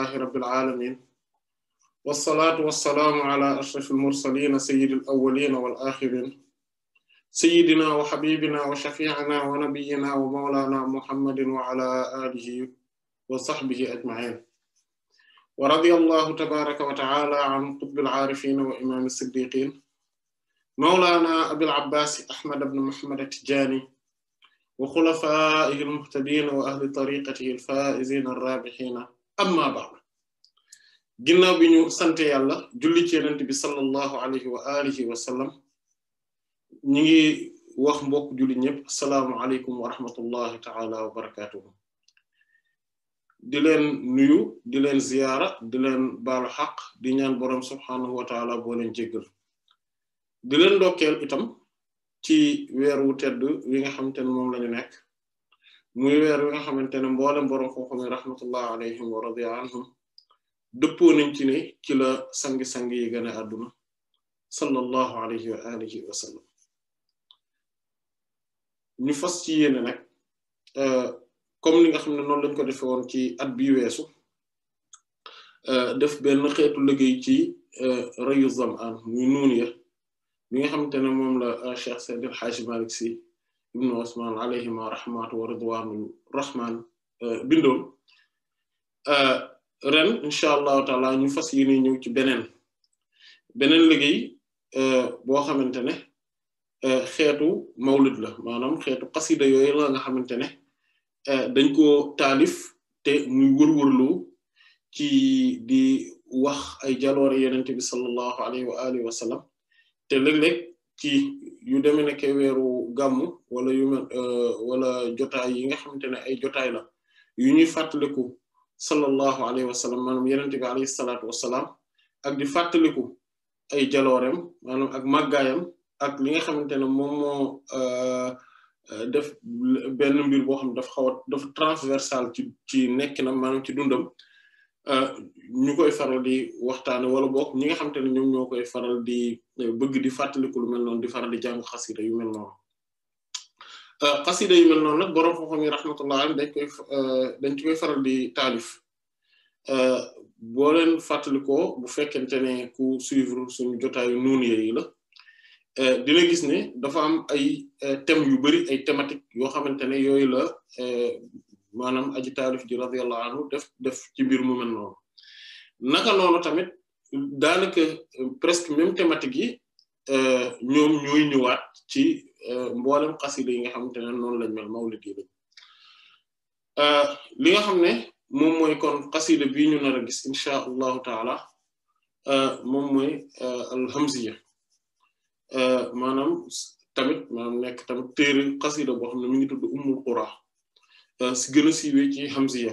لله رب العالمين والصلاة والسلام على أشرف المرسلين سيد الأولين والآخرين سيدنا وحبيبنا وشفيعنا ونبينا ومولانا محمد وعلى آله وصحبه أجمعين ورضي الله تبارك وتعالى عن قطب العارفين وإمام الصديقين مولانا أبي العباس أحمد بن محمد التجاني وخلفائه المهتدين وأهل طريقته الفائزين الرابحين amma ba'd ginnaaw bi ñu sante yàlla julli ci yonent bi alayhi wa alihi wa sallam ñi ngi wax mbokk julli ñëpp asalaamu aleykum wa rahmatullahi taala wa barakatuhu di leen nuyu di leen ziyaara di leen baalu xaq di ñaan boroom subhaanahu wa taala boo leen di leen ndokkeel itam ci weer wu tedd wi nga xamante ne moom lañu nekk muy weer wi nga xamantene ne mboolem borom xam-xam rahmatullah alayhim wa radiya anhum dëppoo nañ ci ne ci la sangi-sangi yi gën a àdduna sallallahu alayhi wa alihi wa sallam ñu fas ci yéene nag comme li nga xam ne noonu lañ ko defe woon ci at bi weesu def benn xeetu liggéey ci rayu zamaan muy nuun ya mi nga xamante ne moom la Cheikh Seydil Hadji malik si ibnu Usmaan alayhima rahmatu wa ridwaanu rahmaan euh, bindoon euh, ren incha allahu taala ñu fas yéene ñëw ci beneen beneen liggéey euh, boo xamante ne xeetu mawlid la maanaam xeetu xasida yooyu la nga xamante ne dañ ko taalif te muy wërwërloo ci di wax ay jaloore yenente bi sallallahu alayhi wa alihi te léeg-léeg ci yu demee ne ke weeru gàmmu wala yu mel euh, wala jotaay yi nga xamante ne ay jotaay la yu ñuy fàttaliku sallallahu alayhi wa sallam maanaam yenente bi alayhi salaatu wassalaam ak di fàttaliku ay jaloorem maanaam ak màggaayam ak li nga xamante ne moom moo euh, def benn mbir boo xam dafa xaw a dafa transversal ci ci nekkinam maanaam ci dundam Euh, ñu koy faral di waxtaane wala boog ñi nga xamante ne ñoom ñoo koy faral di euh, bëgg di fàttaliku lu mel noonu di faral di jàng xasida yu mel noonu euh, xasida yu mel noonu nag borom xam-xam yi rahmatullah alayhi dañ koy dañ ci faral di taalif boo leen fàttalikoo bu fekkente ne ku suivre suñu jotaayu noonu yi la dina gis ne dafa am ay thèmes yu bari ay thématiques yoo xamante ne yooyu la maanaam aji taalif ji radiyallahu def def ci mbir mu mel noonu naka noonu tamit daanaka presque même thématique yi euh, ñoom ñooy ñëwaat ci euh, mboolem xasida yi nga xamante ne lañ mel mawlid yi euh, li nga xam ne moom mooy kon xasida bii ñu nar a gis incha allahu taala moom mooy alhamziya maanaam tamit maanaam nekk tamit téere xasida boo xam ne mi ngi tudd ummul qura Euh, si gën a siiwee ci Hamziya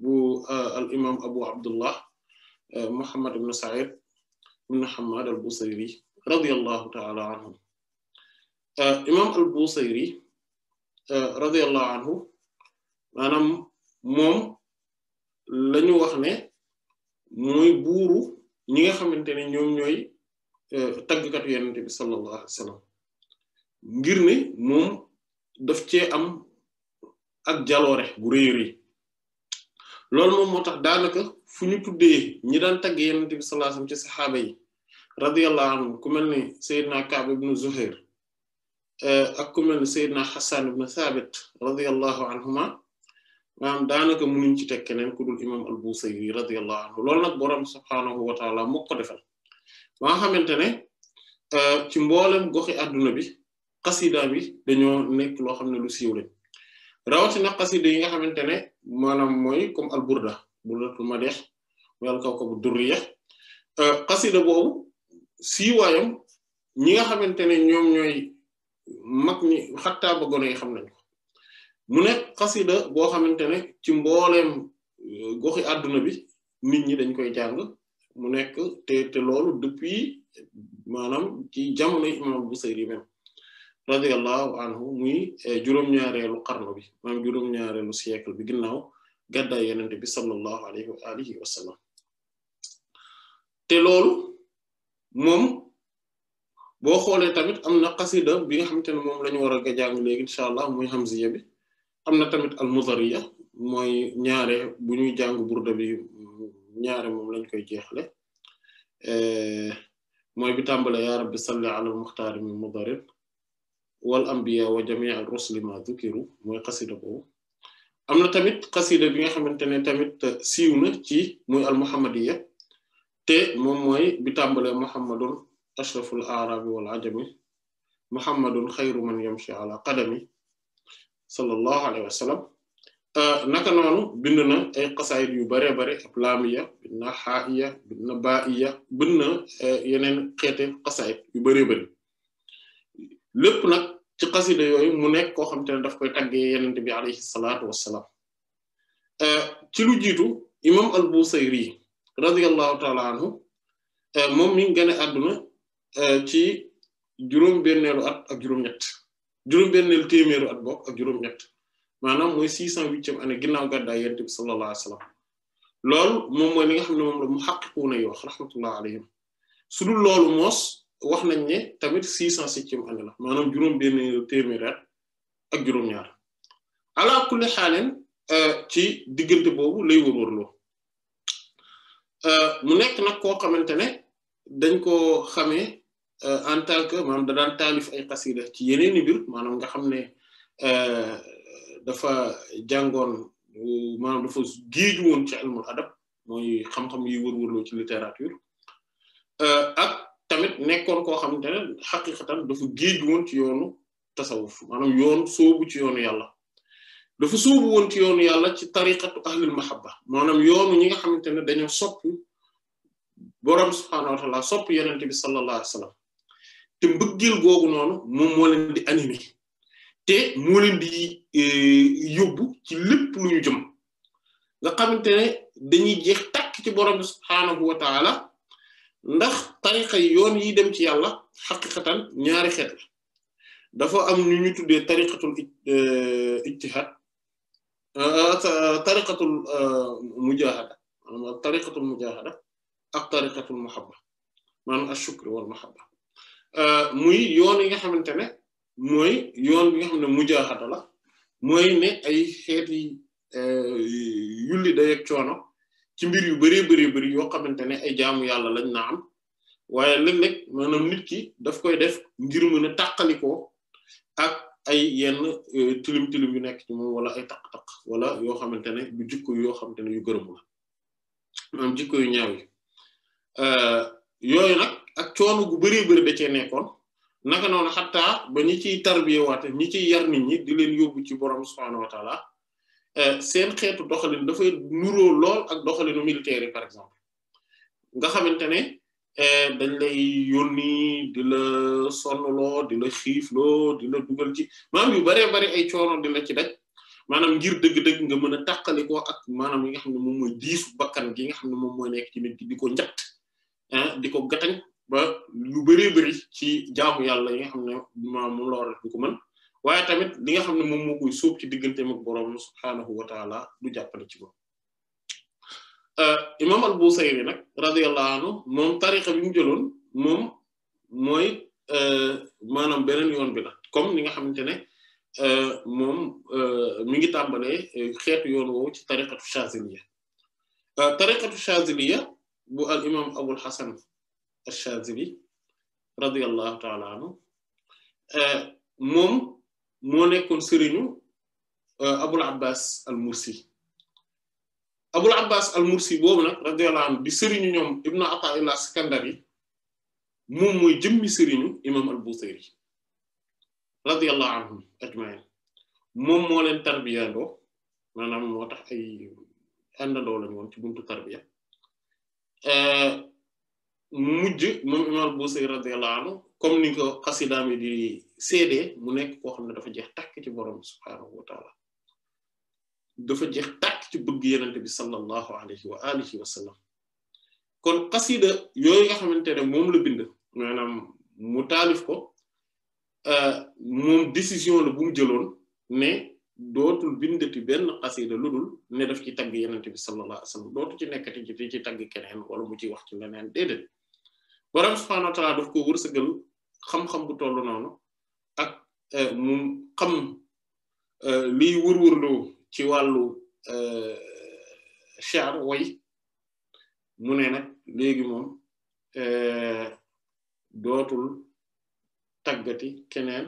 bu euh, al imam Abu Abdullah euh, Muhammad ibn Sa'id ibn Hammad al-Busayri radiyallahu ta'ala anhu imam al-Busayri radiyallahu anhu lañu wax ne mooy buuru ñi nga xamante ne ñoom ñooy tàggkatu yenente bi sallallahu alayhi wasallam ngir daf cee am ak jaloore bu rëy rëy loolu moom moo tax daanaka fu ñu tuddee ñi daan tagg yonent bi sallallahu alayhi wasallam ci saxaaba yi radiyallahu anhu ku mel ni Seydina Kaab ibn Zuhair eh, ak ku mel ni Seydina Hassan ibn Thabit radiyallahu anhuma maanaam daanaka munuñ ci teg keneen ku dul imam al-Busayri anhu loolu nag borom subhaanahu wa taala moo ko defal ba nga xamante ne eh, ci mboolem goxi adduna bi xasida bi dañoo nekk loo xam ne lu siiw lañ rawatina xasida yi nga xamante ne maanaam mooy comme al burda burdatul madeex wala kaw ko bu durriya euh, xasida boobu siiwaayam ñi nga xamante ne ñoom ñooy mag ñi xattaa ba gone yi xam nañ ko mu nekk xasida boo xamante ne ci mbooleem euh, goxi àdduna bi nit ñi dañ koy jàng mu nekk te loolu depuis maanaam ci jamono imam Busayri même radiyallahu anhu muy e, juróom-ñaareelu qarnu bi maanaam juróom-ñaareelu siècle bi ginnaaw gàddaay yenente bi sallallahu alayhi wa te loolu moom boo xoolee tamit am na qasida bi nga xamante ne moom lañu ñu war jàng léegi incha allah mooy muy hamziya bi am na tamit al almudariya mooy ñaare bu ñuy jàng burda bi ñaare moom lañ koy jeexle e, mooy bi tàmbale yaa rabbi salli ala almuxtaari min wal anbiya wa jami' al rusuli ma dhukiru mooy xasida boobu am na tamit xasida bi nga xamante ne tamit siiw na ci muy al muhammadiya te moom mooy bi tàmbale muhammadun ashraful arabi wal ajami muhammadun xayru man yamshi ala qadami sallallahu alayhi wa sallam euh, naka noonu bind na ay xasaayid yu bare bare ab laamiya bind na xaa'iya bind na baa'iya bind na euh, yeneen xeete xasaayid yu bare bare lépp nag ci xasida yooyu mu nekk koo xam te ne daf koy tàggee yenente bi alayhi salaatu wassalaam euh, ci lu jiitu imam al-Busayri radiyallahu euh, moom mi ngi gane àdduna euh, ci juróom-benneelu at ak juróom-ñett juróom-benneelu téeméeru at bokk ak juróom-ñett maanaam mooy six cent huitième année ginnaaw gàddaay yenente bi sallallahu alayhi wasallam loolu moom mooy li xam ne moom la mu xaqiqu na yoo wax alayhim su dul loolu moos wax nañ ne tamit six cent septième année la maanaam juróom benn téeméer ak juróom-ñaar ala kulli xaaleen euh, ci diggante boobu lay wërwërloo euh, mu nekk nag koo xamante ne dañ koo xamee euh, en tant que maanaam da daan taalif ay xasida ci yeneen i mbir maanaam nga xam ne dafa jàngoon maanaam dafa géeju woon ci ilmul adab mooy xam-xam yi wërwërloo ci littérature ak tamit nekkoon koo xamante ne xaqiqatan dafa géej woon ci yoonu tasawuf maanaam yoon sóobu ci yoonu yàlla dafa sóobu woon ci yoonu yàlla ci tariqatu ahlul mahabba maanaam yoonu ñi nga xamante ne dañoo sopp boroom subhaanahu wa taala sopp yenente bi sallallahu alayhi te mbëggeel googu noonu moom moo leen di animé te moo leen di eh, yóbbu ci lépp lu ñu jëm nga xamante ne dañuy jeex takk ci boroom subhaanahu wa taala ndax tariqa yi yoon yi dem ci yàlla xaqiqatan ñaari xeet la dafa am ñu ñu tuddee tariqatul ijtihad tariqatul mujahada tariqatul mujahada ak tariqatul muhabba maanaam ashukr wal muhabba muy yoon yi nga xamante ne mooy yoon bi nga xam ne mujahada la mooy ne ay xeet yi yulli ak coono ci mbir yu bëree bëri bëri yoo xamante ne ay jaamu yàlla lañ na am waaye léeg-léeg maanaam nit ki daf koy def ngir mën a tàqalikoo ak ay yenn euh, tilim tilim yu nekk ci moom wala ay taq-taq wala yoo xamante ne bu jikko yoo xamante ne yu gërëm la maanaam yu ñaaw yi euh, yooyu nag ak coono gu bëree bëri da cee nekkoon naka noonu xataa ba ñi ciy tarbiyewaate ñi ciy yar nit ñi di leen yóbbu ci borom subhaanahu wa Euh, seen xeetu doxalin dafay nuroo lool ak doxalinu militaire yi par exemple nga xamante ne euh, dañ lay yónni di la sonnloo di la xiifloo di la dugal ci maanaam yu baree bari ay coono di la ci daj maanaam ngir dëgg-dëgg nga mën a tàqalikoo ak maanaam yi nga xam ne moom mooy diisu bakkan gi nga xam ne moom mooy nekk ci nit ki di ko njatt ah di ko gatañ ba lu baree bari ci jaamu yàlla yi nga xam ne moom la war a def ko mën waaye tamit li nga xam ne moom moo koy sóob ci digganteem ak borom subhaanahu wa taala du jàppale ci moom euh, imam al Busayri nag radiyallahu moom tariqa bi mu jëloon moom mooy euh, maanaam beneen yoon bi la comme ni nga xamante ne euh, moom mi ngi tàmbalee xeetu yoon woowu ci tariqatu Shaziliya tariqatu Shaziliya bu al imam Abul Hasan al Shazili radiyallahu taala anhu moom mo nekkoon sëriñu euh, abul abbas al mursi abul abbas al mursi boobu nag radiyallahu anhu di sëriñu ñoom ibnu ata'illah sikandari moom mooy jëmmi sëriñu imam al busayri radiyallahu anhum ajma'in moom moo leen tarbiyandoo maanaam moo tax ay àndandoo lañ woon ci buntu tarbiya euh, mujj moom imam al busayri radiyallahu anhu comme ni ko di seedee mu nekk koo xam ne dafa jeex tàkk ci borom bi dafa jeex tàkk ci bëgg yenente bi sallallahu alayhi wa alihi wa sallam kon xasida yooyu nga xamante ne moom la bind maanaam mu taalif ko euh, moom décision la bu mu jëloon ne dootul bindati benn xasida ludul ne daf ci tagg yenente bi sallallahu alayhi wa sallam dootu ci nekkati ci di ci tagg keneen wala mu ciy wax ci leneen déedéet borom subhaanahu wa taala daf ko wërsëgal xam-xam bu tollu noonu ak euh, mu xam euh, liy ci wàllu euh, char way mu ne nag léegi moom dootul taggati keneen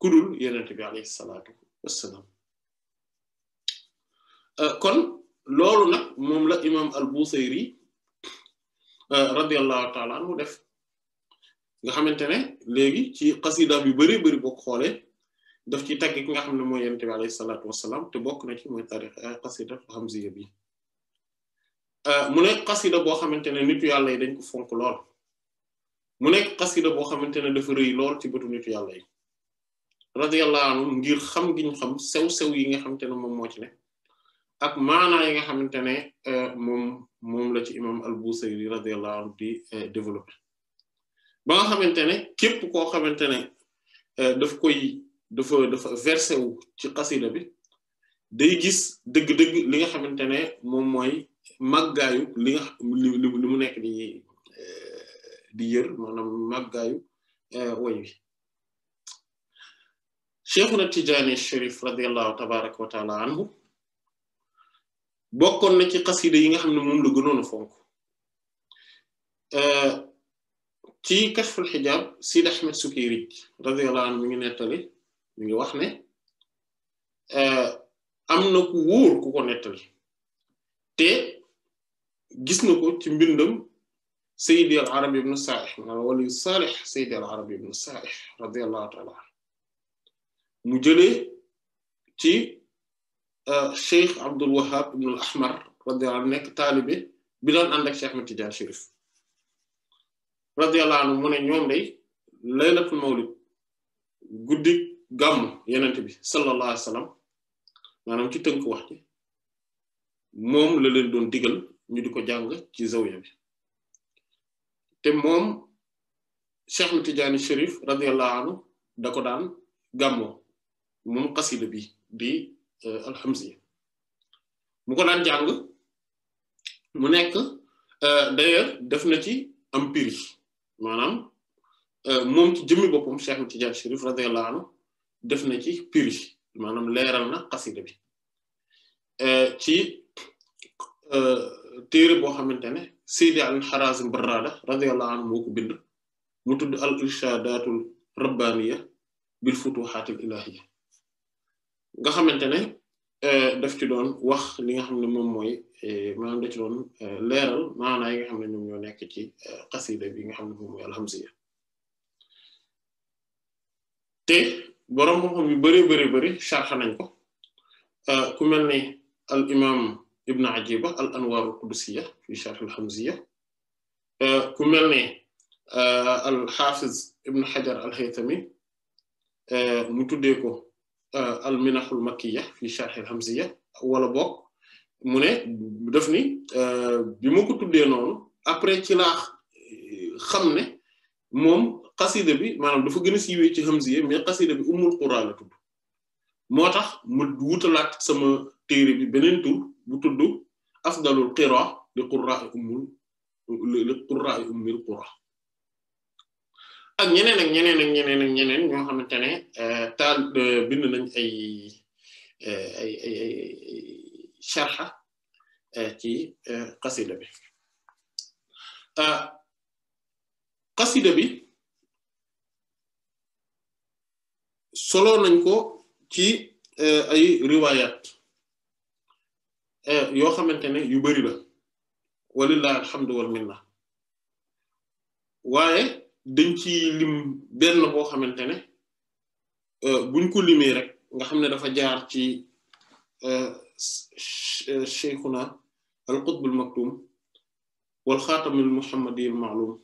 kudul yenent bi alayhi salaatu wassalaam kon loolu nag moom la imam al-Busayri radiyallahu ta'ala anhu def nga xamante ne léegi ci xasida yu bari bari boo ko xoolee daf ci tagg ki nga xam ne mooy yonent bi alayhi salaatu wassalaam te bokk na ci mooy taarix euh, xasida hamziya bi euh, mu nekk xasida boo xamante ne nitu yàlla yi dañ ko fonk lool mu nekk xasida boo xamante ne dafa rëy lool ci bëtu nitu yàlla yi radiyallahu anhu ngir xam gi xam sew-sew yi nga xamante ne moom moo ci ak maanaa yi nga xamante ne euh, moom moom la ci imam al-Busayri radiyallahu anhu di développé ba nga xamante ne képp koo xamante ne euh, daf koy dafa dafa versé wu ci xasida bi day gis dëgg-dëgg li nga xamante ne moom mooy màggaayu li nga li li mu nekk di euh, di yër maanaam màggaayu euh, woy wi na Tijaani Cherif radiyallahu tabaraka wa taala anhu bokkoon na ci xasida yi nga xam ne moom la gënoon a fonk ci kashful hijab Sidi Ahmed Sukiri radiyallahu anhu mi ngi nettali mi ngi wax ne am na ku wóor ku ko nettali te gis na ko ci mbindam Sayyidi al-Arabi ibn Saalih maanaam wali Saalih Sayyidi al-Arabi ibn Saalih radiyallahu ta'ala mu jëlee ci Cheikh Abdul Wahhab ibn al-Ahmar radiyallahu nekk taalibe bi daan ànd ak Cheikh Ahmed Tidiane Chérif radiyallahu anhu mu ne ñoom day laylatul mawlid guddi gàmmu yenent bi sallallahu alayhi wa sallam ci tënk wax moom la leen doon digal ñu di ko jàng ci zawiya bi te moom Cheikh Tidiane Chérif radiyallahu anhu da ko daan gàmmoo moom xasida bi di euh, alhamziya mu ko daan jàng mu nekk euh, d'ailleurs def na ci am prix manam mom ci jëmmé bopum Cheikh Tidiane Chérif radiyallahu anhu def na ci piri manam leral na qasida bi euh ci euh téré bo xamantene Seydi al haraz Barrada radiyallahu anhu moo ko bind mu tudd al-irshadatul rabbaniya bil futuhatil ilahiyya nga xamantene daf ci doon wax li nga xam ne moom mooy maanaam da ci doon leeral maanaa yi nga xam ne ñoom ñoo nekk ci xasida bi nga xam ne moom mooy alhamziya te borom xam-xam yu bari bari bari sharxa nañ ko ku mel ni al imam ibn ajiba al anwar al qudusiyya fi sharx al hamziya ku mel ni al xaafiz ibn xajar al haytami mu tuddee ko Euh, al minahul makkiya fi sharh al hamziya wala bokk mu ne def ni euh, bi ma ko tuddee noonu après ci laa xam ne moom xasida bi maanaam dafa gën a siiwee ci hamziya mais xasida bi ummul qura la tudd moo tax mu wutalaat sama téere bi beneen tur bu tudd afdalul qira li qurra'i ummul li qurra'i ummil qura ak ñeneen ak ñeneen ak ñeneen ak ñeneen ñoo xamante ne euh, taal euh, bind nañ ay euh, ay ci qasida bi qasida bi solo nañ ko ci ay riwayat yoo xamante ne yu bari la walillahi alhamdu wal minna waaye dañ ci lim benn boo xamante ne buñ ko limee rek nga xam ne dafa jaar ci cheikhuna alqutb almaktum wal xaatam almuhammadi almaalum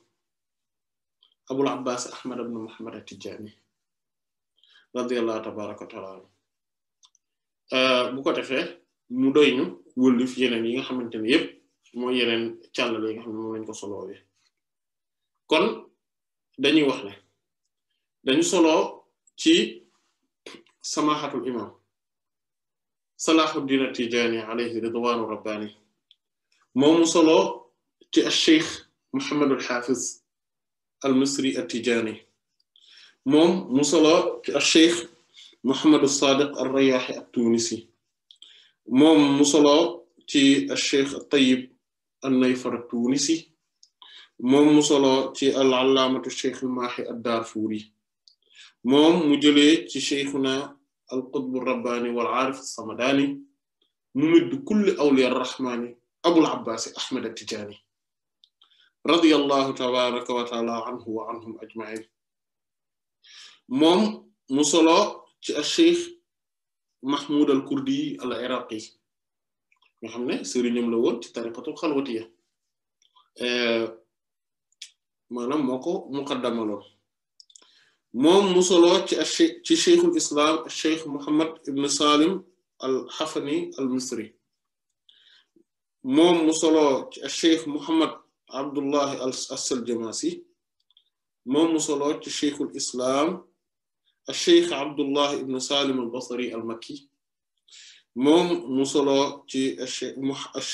abul abbas ahmad ibn muhammad atijani radiallahu tabaraka wa taala anhu bu ko defee mu doy ñu wëllif yeneen yi nga xamante ne yépp mooy yeneen càllale yi nga xam ne moom lañ ko soloowe kon dañuy wax ne dañu solo ci samahatul imam salahuddin at-tijani alayhi ridwanu rabbani moomu solo ci al-sheikh muhammad al-hafiz al-misri at-tijani moom mu solo ci al-sheikh muhammad al-sadiq al-riyahi at-tunisi moom mu solo ci al-sheikh at-tayyib an-nayfar at-tunisi موم مصلو تي العلامة الشيخ الماحي الدارفوري موم مجلي تي شيخنا القطب الرباني والعارف الصمداني ممد كل أولياء الرحمن أبو العباس أحمد التجاني رضي الله تبارك وتعالى عنه وعنهم أجمعين موم مصلو تي الشيخ محمود الكردي العراقي نحن سيرينيوم لول تي طريقة الخلوتية maanaam moo ko muqaddamaloo moom musoloo ci ci cheikhul islam cheikh Muhammad ibn Salim al xafani al misri moom musoloo ci cheikh Muhammad Abdullahi al Saljamasi moom musoloo ci cheikhul islam al cheikh Abdullahi ibn Salim al basri al makki moom musoloo ci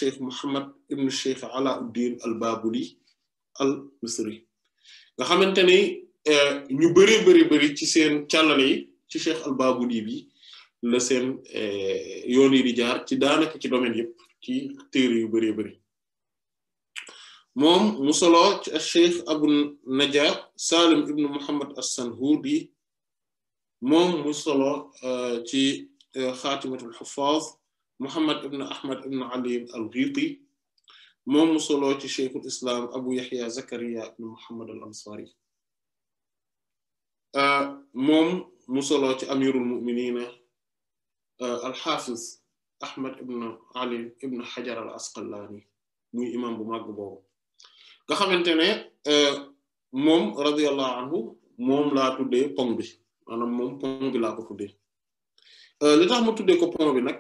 cheikh Muhammad ibn cheikh Alauddin al babuli al misri nga xamante ni ñu bëri bëri bëri ci seen càllale yi ci cheikh al babudi bi la seen yoon yi di jaar ci daanaka ci domaine yëpp ci téere yu bëri bëri moom mu solo ci cheikh abu najab salim ibnu muhammad as-sanhudi moom mu solo ci xaatimatul xufaaz muhammad ibnu ahmad ibnu ali al-ghiti moom mu soloo ci cheikhul islam abu yaxya zakariya ibn muhammad al ansari moom mu soloo ci amirul muminina alxafiz ahmad ibn ali ibn xajar al asqalaani muy imam bu màgg boobu nga xamante ne moom radiallahu anhu moom laa tuddee pong bi maanaam moom pong bi laa ko tuddee li tax ma tuddee ko pont bi nag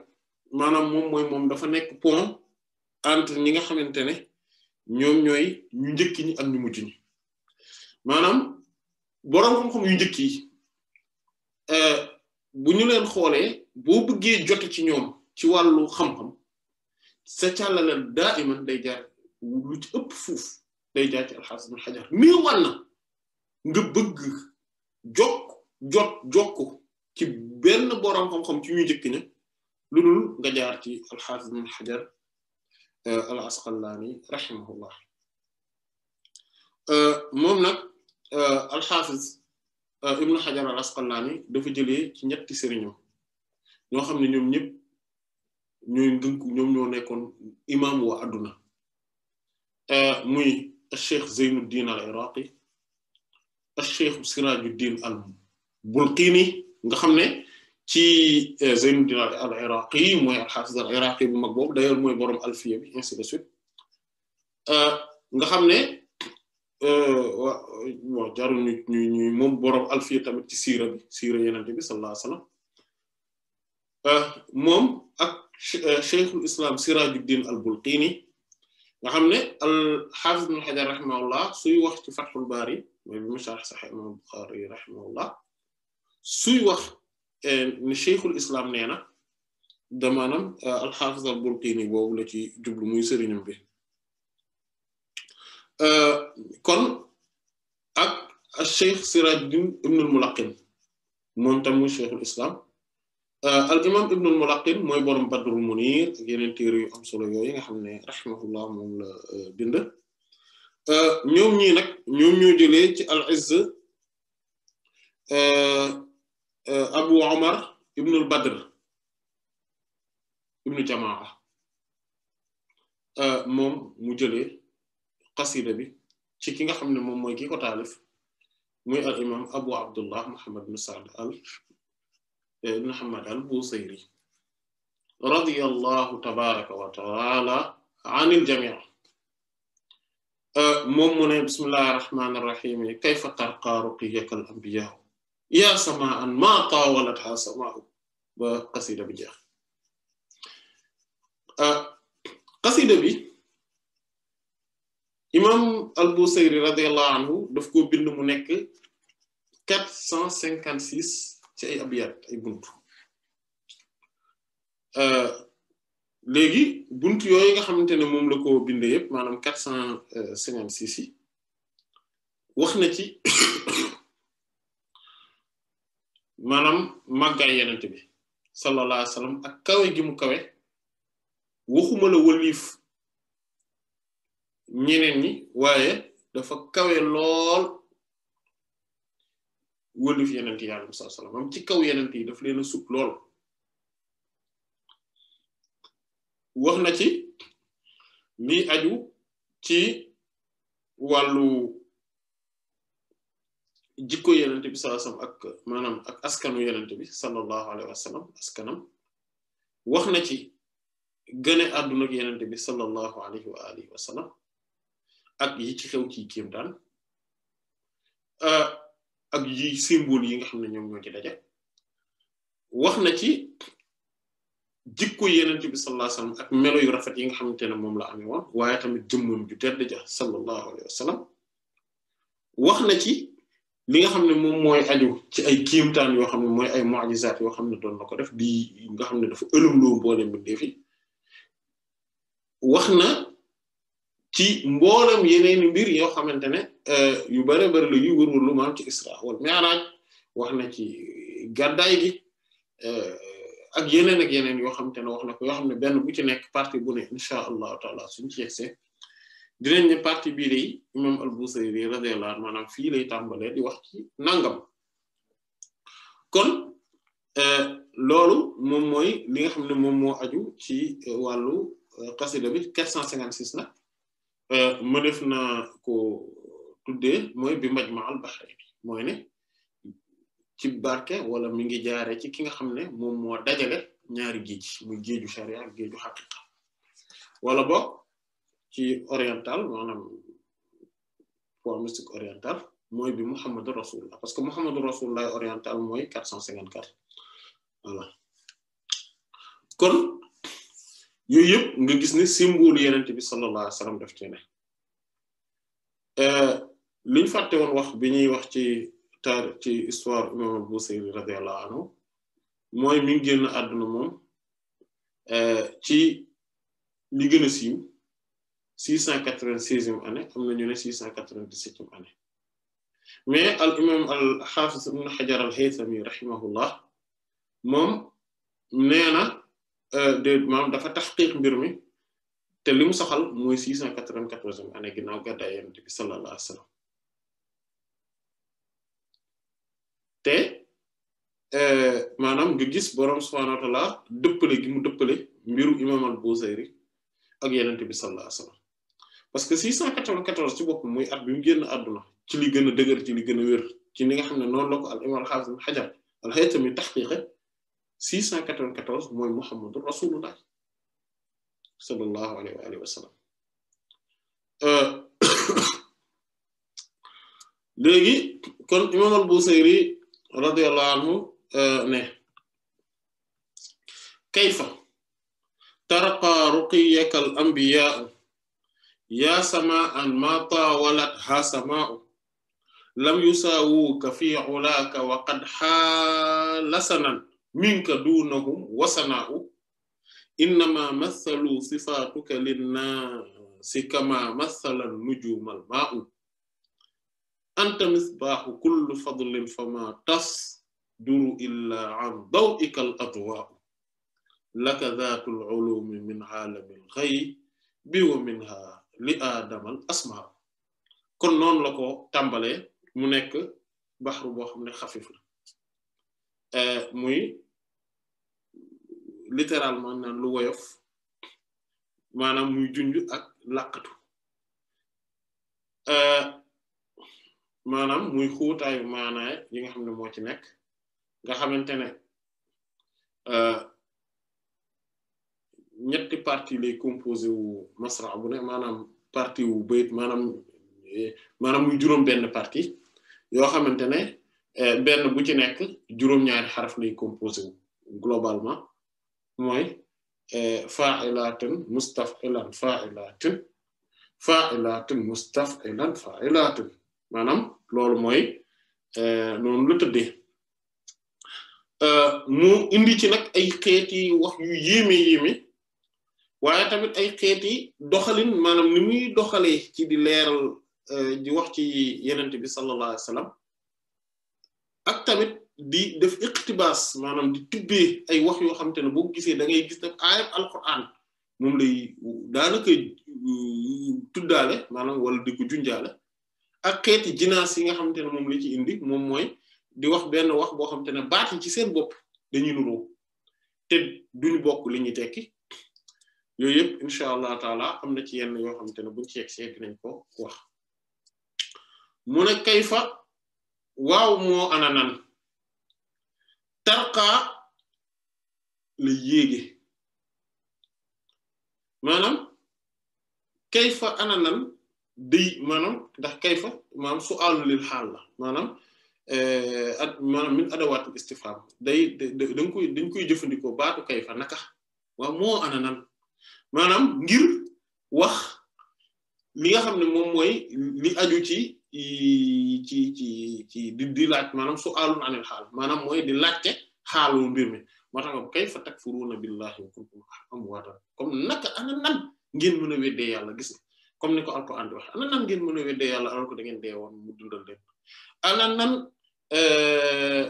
maanaam moom mooy moom dafa nekk pont entre ñi nga xamante ne ñoom ñooy ñu njëkki ñi ak ñu mujj ñi maanaam boroom xam-xam yu njëkk yi euh, bu ñu leen xoolee boo bëggee jote ci ñoom ci wàllu xam-xam sa càllale daa iman day jaar lu ci ëpp fuuf day jaar ci alxames bu xajar mais wàll nga bëgg jokk jot jokk ci benn borom xam-xam ci ñu njëkk na lu dul nga jaar ci alxames bu xajar. العسقلاني رحمه الله موم نا الحافظ ابن حجر العسقلاني دا dafa جيلي سي نيت سيرينو ño xamni ñom ñep ñoy ñooy ñom ño nekkon imam wa aduna euh muy cheikh zainuddin al iraqi cheikh sirajuddin al bulqini nga xamne ne تي آه، زين الدين العراقي موي الحافظ العراقي بمقبوب داير موي بروم الفية بي انسي بسويت نغا خمني جارو نيت ني ني موم بروم الفية تامت تي سيرة بي سيرة ينان بي صلى الله عليه وسلم موم اك شيخ الاسلام سراج الدين البلقيني نغا خمني الحافظ بن حجر رحمه الله سوي وقت فتح الباري مشارح صحيح من البخاري رحمه الله سوي وقت إيه، شيخ الاسلام نينا دا مانام آه، الحافظ البرقيني بوب لا تي جوبل موي سيرينم بي ا آه، كون اك الشيخ سراج الدين ابن الملقن مون تام شيخ الاسلام ا آه، الامام ابن الملقن موي بوروم بدر المنير يينن تير يو ام سولو يوي nga xamne rahmuhullah mom la bind ا ñom ñi آه، أبو عمر ابن البدر ابن جماعة موم مجلي قصيدة بي تيكيغا خامن موم موي كيكو تالف موي الامام ابو عبد الله محمد بن سعد ال ابن محمد البوصيري رضي الله تبارك وتعالى عن الجميع موم بسم الله الرحمن الرحيم كيف ترقى رقيك الانبياء yaa sama an ma taawalatha samaahu ba xasida bi jeex xasida bi imam al-Busayri radiyallahu anhu daf ko bind mu nekk quatre cent cinquante six ci ay abiyat ay bunt léegi bunt yooyu nga xamante ne moom la ko bind yëpp maanaam quatre cent cinquante six yi wax na ci maanaam màggaay yenent bi sallallahu alayhi wa sallam ak kawe gi mu kawe waxuma la wëliif ñi waaye dafa kawe lool wëliif yenent yi alayhi salaam ci kaw yenent yi daf leen a sut lool wax na ci lii aju ci wàllu jikko yenente bi sallallahu alayhi wasallam ak maanaam ak askanu yenente bi sallallahu alayhi wasallam askanam wax na ci gëne àdduna ak yenente bi sallallahu alayhi wa alihi ak yi ci xew ci kéemtaan ak yi symbole yi nga xam ne ñoom ñoo ci daje wax na ci jikko yenente bi sallallahu alayhi yu rafet yi nga xamante ne moom la amee woon waaye tamit jëmmam ju tedd ja sallallahu alayhi wax na ci li nga xamne mom moy mooy ci ay kiimtaan yo xamne moy ay mu'jizat yo xamne ne doon na def bi nga xamne ne dafa ëlëmloo mboolem bi fi wax na ci mbolam yeneen mbir yo xamantene euh yu bare bare lu yu yuy wërwër lu man ci Isra wal Mi'raj waxna ci gaday gi euh ak yeneen ak yeneen yo xamantene waxna ko yoo xam benn bu ci nek parti bu ne incha allahu taala suñu ci yegsee dinañ ne partie bii de imam al-Busayri radiyallahu anhu maanaam fii lay tàmbalee di wax ci nangam kon eh, loolu moom mooy li nga xam ne moom moo aju ci eh, wàllu eh, xasida bi cent nag mëneef na ko tuddee mooy bi mbaj maal baxari mooy ne ci barke wala mi ngi jaare ci ki nga xam ne moom moo dajale ñaari géej muy géeju sharia ak géeju xaqiqa wala boog ci oriental maanaam mooy bi Muhammadu Rasulullah parce que Muhammadu Rasulullah oriental mooy 454 voilà kon yooyu yëpp nga gis ni symbole yenent bi sallallahu alayhi wa sallam def ci ne euh, li ñu fàtte wax bi ñuy wax ci taar ci histoire imam al-Busiri radiyallahu anhu mooy mi ngi génn àdduna moom euh, ci li gën a siiw 696e année am na ñu ne 697e année mais al imam al hafiz ibn hajar al moom nee na euh, de maam dafa taxqiq mbir mi te li mu soxal mooy 694e année ginnaaw gàddaay yonent bi sallallahu alayhi wa euh, maanaam nga gis borom subhaanahu wa ta'ala dëppale gi mu dëppale mbiru imam al-Buzayri ak yonent bi parce que 694 ci boppam moy at bi mu génn àdduna ci li gëna deugër ci li gëna wër ci li nga xamne non la ko al imam al-Hafiz Hajar al-Haytami tahqiq 694 moy muhammadur Rasulullah sallallahu alayhi wa alihi wa sallam euh, léegi kon imam al busairi radiyallahu anhu euh, ne kayfa taraqa ruqiyaka al-anbiyaa يا سماء ما طاولتها سماء لم يساووك في علاك وقد حال سنا منك دونهم وسناء إنما مثلوا صفاتك للناس كما مثل النجوم الماء أنت مصباح كل فضل فما تصدر إلا عن ضوئك الأضواء لك ذات العلوم من عالم الغيب ومنها li aadamal asmaa kon noonu la ko tàmbalee mu nekk baxru boo xam ne xafif la eh, muy littéralement naan lu woyof maanaam muy junj ak làkkatu eh, maanaam muy xuutaayu maanaay yi nga xam ne moo ci nekk nga xamante ne eh, ñetti partie lay composé wu masra bu ne maanaam partie wu bayit maanaam eh, maanaam muy juróom benn partie yoo xamante ne eh, benn bu ci nekk juróom-ñaari xaraf lay composé wu globalement mooy eh, fa'ilatun mustaf'ilan fa'ilatun fa'ilatun mustaf'ilan fa'ilatun maanaam loolu mooy noonu la tëddee mu indi ci nag ay wax yu yéeme yéeme waaye tamit ay xeeti doxalin maanaam ni muy doxalee ci di leeral eh, di wax ci yenent bi sallallahu alayhi wasallam ak tamit di def iqtibaas maanaam di tibbee ay wax yoo xam te ne boo gisee dangay gis ne aayam alquran moom lay daanaka eh, tuddaale maanaam wala di ko ak xeeti jinaas yi nga xamante ne moom la ci indi moom mooy di wax benn wax boo xamante ne baat yi ci seen bopp dañuy nuroo te duñu bokk li ñuy tekki yooyu yëpp incha allah taala am na ci yenn yoo xamante ne buñ ci yegg see ko wax mu ne kayfa waaw moo ana nan tarqaa la yéege maanaam kayfa ana nan day maanaam ndax kayfa maanaam su'aalu lil xaal la maanaam eh, at maanaam min adawaatul istifhaam day da nga koy dañ koy jëfandikoo baatu kayfa naka moo ana nan manam ngir wax mi nga xamne mom moy mooy aju ci ci ci ci di di laaj manam su alun anil hal manam moy di laajte xaalu mbir mi motax ko nga kay fa takfuruna billahi wa kuntum ta kom nak ana nan ngeen mën a yalla gis kom comme ni ko alquran di wax ana nan ngeen mën a yalla alors ko da ngeen dee woon mu dundal leen ana nan euh,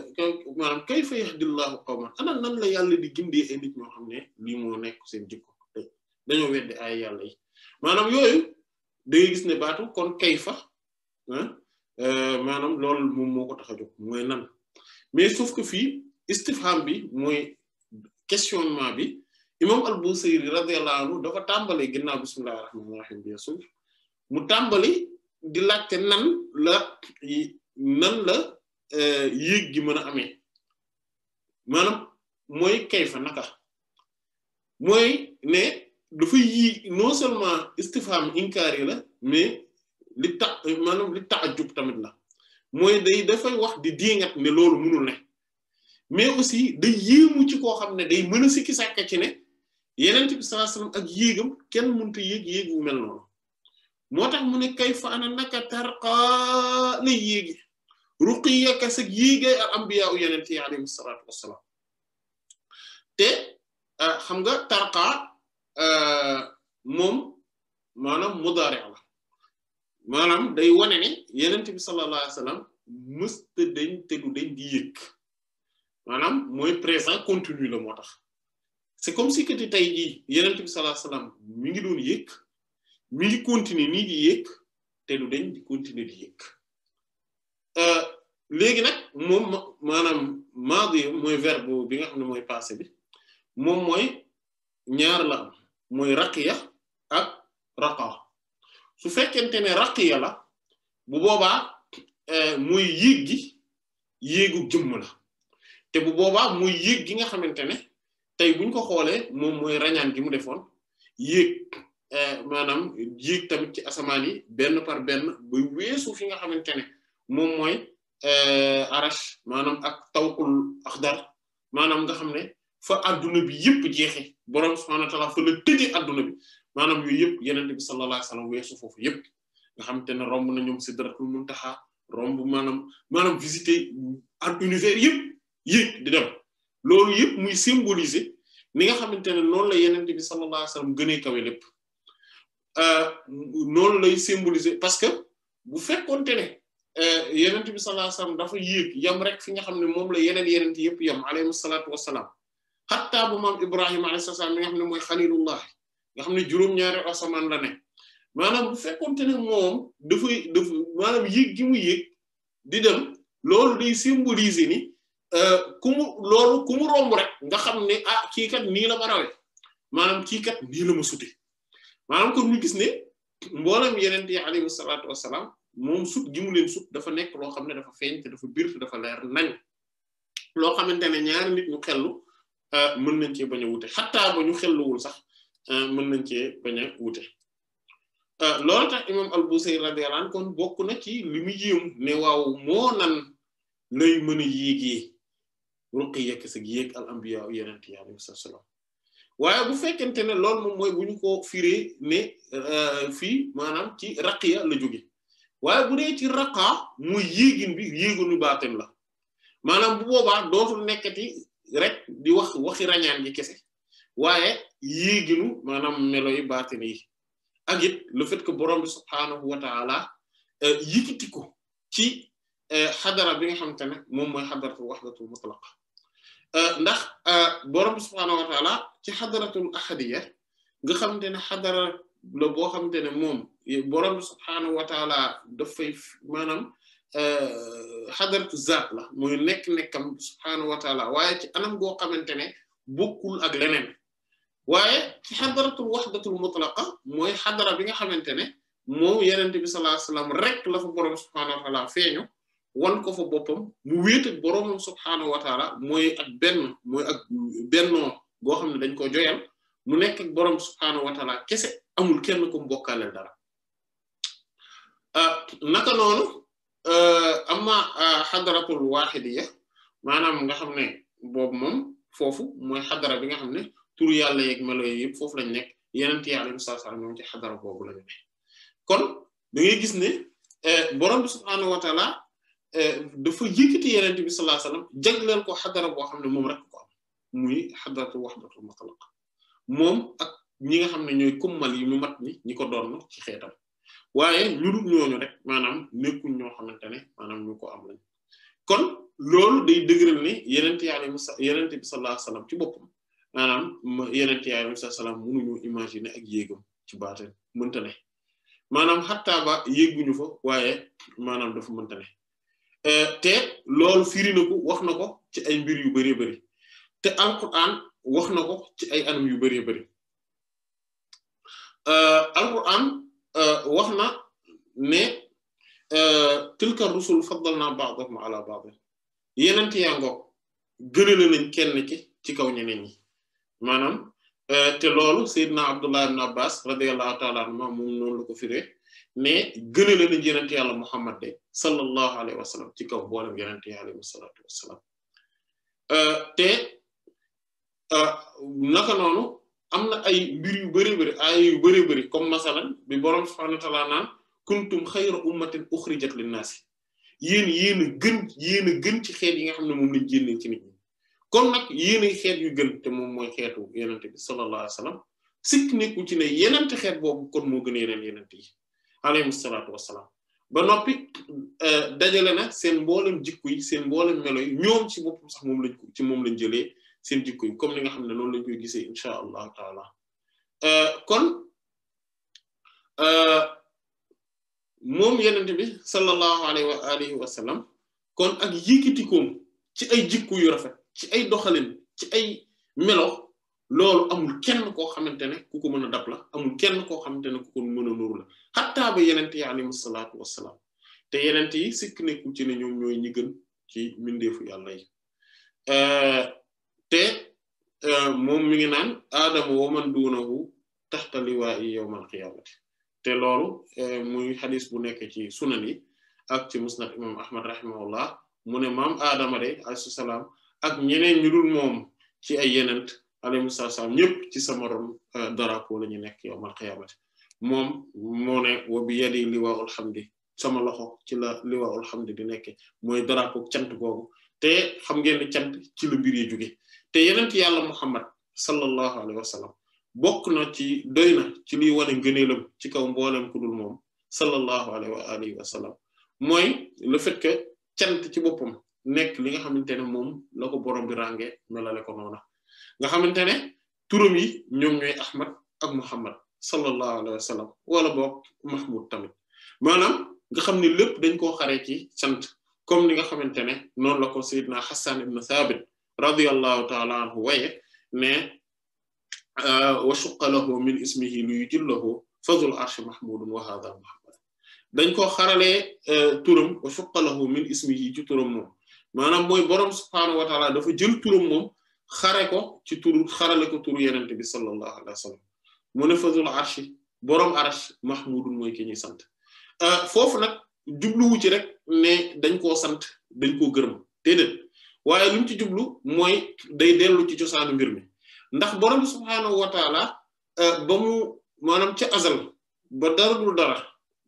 maanaam kayfa yahdillahu qawman ana nan la yalla di gindee ay nit ñoo xam li mo nekk seen jikko dañoo weddi ay yàlla yi maanaam yooyu da ngay gis ne baatu kon kay kayfa ah, euh, maanaam loolu moom moo ko tax a jóg mooy nan mais sauf que fii istifham bi mooy questionnement bi imam al-Busayri radiyallahu anhu dafa tàmbali ginnaaw bismillahi rahmaani rahiim bi suuf mu tàmbali di laajte nan la nan la euh, yéeg gi mën a amee maanaam mooy kayfa naka mooy ne. dafa yii non seulement istifham inkaar yi la mais li ta maanaam li taajub tamit la mooy day dafay wax di diingat ne loolu mënul ne mais aussi day yéemu ci koo xam ne day mën a sikki sàkka ci ne yeneen bi sallallahu alayhi wasallam ak yéegam kenn mun a yéeg yéeg wu mel noonu moo tax mu ne kay fa ana naka tarqaa lay yéegi ruqiyaka sag yéegay al anbiya u yeneen yi alayhim salaatu wassalaam te ah, xam nga tarqaa Euh, « Mom »« Manam »« mudaari la manam day woné ni yenent bi sallalahu alayhi wasallam sallam mësta dañ di yek manam moy présent continu le motax c'est comme si que tu tay di yenent bi sallalahu alayhi wasallam sallam mi ngi doon yek mi ngi continue ni di yek te du deñ di continue di euh légui nak mom manam maadi moy verbe bi nga xam moy passé bi mom moy ñaar la mooy raqiya ak raqa su fekkente ne raqiya la bu boobaa eh, muy yéeg gi yéegu jëmm la te bu boobaa muy yéeg gi nga xamante ne tey buñ ko xoolee moom mooy rañaan gi mu defoon yéeg eh, maanaam yéeg tamit ci asamaan yi benn par benn ba weesu fi nga xamante ne moom mooy eh, arash maanaam ak tawkul axdar maanaam nga xam ne fa adduna bi yëpp jeexe borom subhaanahu wa ta'aala fa la bi maanaam yooyu yëpp yonent bi sallallahu alayhi wa sallam weesu foofu yëpp nga xam te ne romb na ñoom sidratul muntaha romb maanaam maanaam visiter ak univers yëpp yëpp di dem loolu yëpp muy symboliser ni nga xamante ne noonu la yonent bi sallallahu alayhi wa sallam gënee kawe euh, noonu lay symboliser parce que bu fekkonte ne euh, yonent bi sallallahu alayhi wa sallam dafa yéeg yam rek fi nga xam ne moom la yeneen yonent yëpp yam alayhi salaatu wa hatta bu maam ibrahim alayhi salaam nga xamne moy khalilullah nga xamne jurum juróom-ñaari asamaan la ne manam bu fekkonte ne mom dafay fay manam yeg gi mu yeg di dem lolu di symboliser ni euh kumu lolu kumu mu romb rek nga xamne ah ki kat ni la barawé manam ki kat nii la ma sute manam ko ñu gis ne mbolam yenen ti alayhi salaatu wassalam mom sut gi mu len sut dafa nek lo xamne dafa feñ te dafa bir dafa leer nañ lo xamantene ñaar nit ñu xellu Euh, mën nañ cee bañ a wute xattaa ba ñu xelluwul sax euh, mën nañ cee bañ a wute euh, loolu tax imam al-Busayri kon bokk na ci li mu yéemu ne waaw moo nan lay mën a yéegee ruqi yekk sag yéeg al anbiya yenent yi alayhi salaam waaye bu fekkente ne loolu moom mooy bu ko firee ne fii maanaam ci raqiya la jóge waaye bu dee ci raqa mooy yéegin bi yéeginu baatem la maanaam bu boobaa dootul nekkati rek di wax waxi rañaan kese waaye yéeginu maanaam melo yi baatini yi ak it le fait que borom bi subhaanahu wa taala euh, yëkkati ko ci euh, xadara bi nga xamante ne moom mooy xadaratul waxdatul mutlaqa euh, ndax borom bi subhaanahu wa taala ci xadaratul ahadiya nga xamante ne xadara la boo xamante ne moom borom bi subhaanahu wa taala dafay maanaam xadaratu zaat la mooy nekk-nekkam subhaanahu wa taala waaye ci anam goo xamante ne bokkul ak leneen waaye ci xadaratul waxdatul mutlaqa mooy xadara bi nga xamante ne moom bi sallallahu alayhi wasallam rek la fa boroom subhaanahu wa taala feeñu wan ko fa boppam mu wéet ak boroomam subhaanahu wa taala mooy ak benn mooy ak bennoo goo xam ne dañ ko joyal mu nekk ak boroom subhaanahu wa taala kese amul kenn ko mbokkaaleel dara naka noonu Euh, amma euh, xadaratul waaxidiya maanaam nga xam ne boobu moom foofu mooy xadara bi nga xam ne tur yàlla yeeg melo yi yëpp foofu lañ nekk yeneen yi alayhi salaam ñoom ci xadara boobu lañu ne kon da ngay gis ne euh, borom bi subhaanahu wa taala dafa yëkkati yeneen bi sallallahu alayhi wasallam jagleel ko xadara boo xam ne moom rek ko am muy xadaratu waxdatul mutlaq moom ak ñi nga xam ne ñooy kummal yi mu mat ni ñi ko doon ci xeetam. waaye ñu dul ñooñu rek maanaam nekkuñ ñoo xamante ne maanaam ñu ko am lañ kon loolu day dëgëral ni yeneen yàlla yi yeneen bi sallallahu alayhi wasallam ci boppam maanaam yeneen yàlla yi sallallahu alayhi wasallam ak yéegam ci baatin mënta ne maanaam xattaa ba yéeguñu fa waaye maanaam defu mënta ne eh, te loolu firi na wax na ko ci ay mbir yu bëree bëri te alquran wax na ko ci ay anam yu bari bëri eh, alquran. Euh, wax na ne euh, tilka rusul faddalna ba'dahum ala ba'd yenent yaa ngoog gënale nañ kenn ki ci kaw ñeneen ñi maanaam euh, te loolu Seydina Abdullah ibn Abbas radiyallahu ta'ala moom noonu ko firee mais gënale nañ yenent yàlla Muhammad de sallallahu alayhi wa ci kaw boolem yenent yi alayhi salaatu te naka noonu am na ay mbir yu bari bari ay yu bari bari comme masalan bi boroom subhaanahu wa ta'aala naan kuntum xayra ummatin uxrijat linnaasi yéen yéen a gën yéen gën ci xeet yi nga xam ne moom lañ génne ci nit ñi kon nag yéenay xeet yu gën te moom mooy xeetu yenente bi sallallahu alayhi sikk nekku ci ne yenente xeet boobu kon moo gën a yeneen yenente yi alayhim salaatu wassalaam ba noppi eh, dajale na seen mboolem jikku seen mboolem melo yi ñoom ci boppam sax moom lañ ko ci moom lañ jëlee seen jikko comme ni nga xam ne loolu lañ koy gisee incha allahu taala euh, kon euh, moom yenent bi sallallahu alayhi wa alihi wa kon ak yëkkatikoom ci ay jikko yu rafet ci ay doxalin ci ay melo loolu amul kenn koo xamante ne ku ko mën a dab amul kenn koo xamante ne ku ko mën a la xattaa ba yenente yi alayhi salaatu wassalaam te yenente yi sikk nekku ci ne ñoom ñooy ñi gën ci mbindeefu yàlla yi euh, te euh, moom mi ngi naan aadama wa man duunahu taxta liwaa'i yawmal qiyaamati te loolu euh, muy xadis bu nekk ci sunan ak ci musnad imam ahmad rahimahullah mu ne maam aadama de alayhi salaam ak ñeneen ñu dul moom ci ay yenent alayhi salaam ñëpp ci sama morom euh, drapeau la ñu nekk yawmal qiyaamati moom moo ne wa bi yadi liwaa'ul sama loxo ci la liwaa'ul hamdi di nekke mooy drapeau cant boobu te xam ngeen ne cant ci lu mbir yi te yenen yenent yàlla muhammad sallallahu alayhi wa sallam bokk na ci doy na ci liy wane ngëneelam ci kaw mboolem ku dul moom sallallahu alayhi wa alihi wa sallam mooy le fait que cant ci boppam nekk li nga xamante ne moom la ko borom bi rànge melale ko noona nga xamante ne turam yi ñoom ñooy ahmad ak muhammad sallallahu alayhi wa sallam wala boog mahmud tamit maanaam nga xam ne lépp dañ koo xare ci sant kom li nga xamante ne noonu la ko sayyidna Hassan ibn Thabit radiyallahu ta'ala anhu waye ne wa shuqqa lahu min ismihi li yujillahu fadhul arsh mahmudun wa hadha muhammad dañ ko xarale turum wa shuqqa lahu min ismihi ci turum mom manam moy borom subhanahu wa ta'ala dafa jël turum mom xare ko ci turu xarale ko turu yenente bi sallallahu alaihi wasallam mu ne fadhul arsh borom arsh mahmudun moy ki ñi sant euh fofu nak jubluwu ci rek ne dañ ko sant dañ ko gërëm dedet waaye li ci jublu mooy day dellu ci cosaanu mbir mi ndax borom bi subhaanahu wa taala euh, ba mu maanaam ca azal ba dara dul dara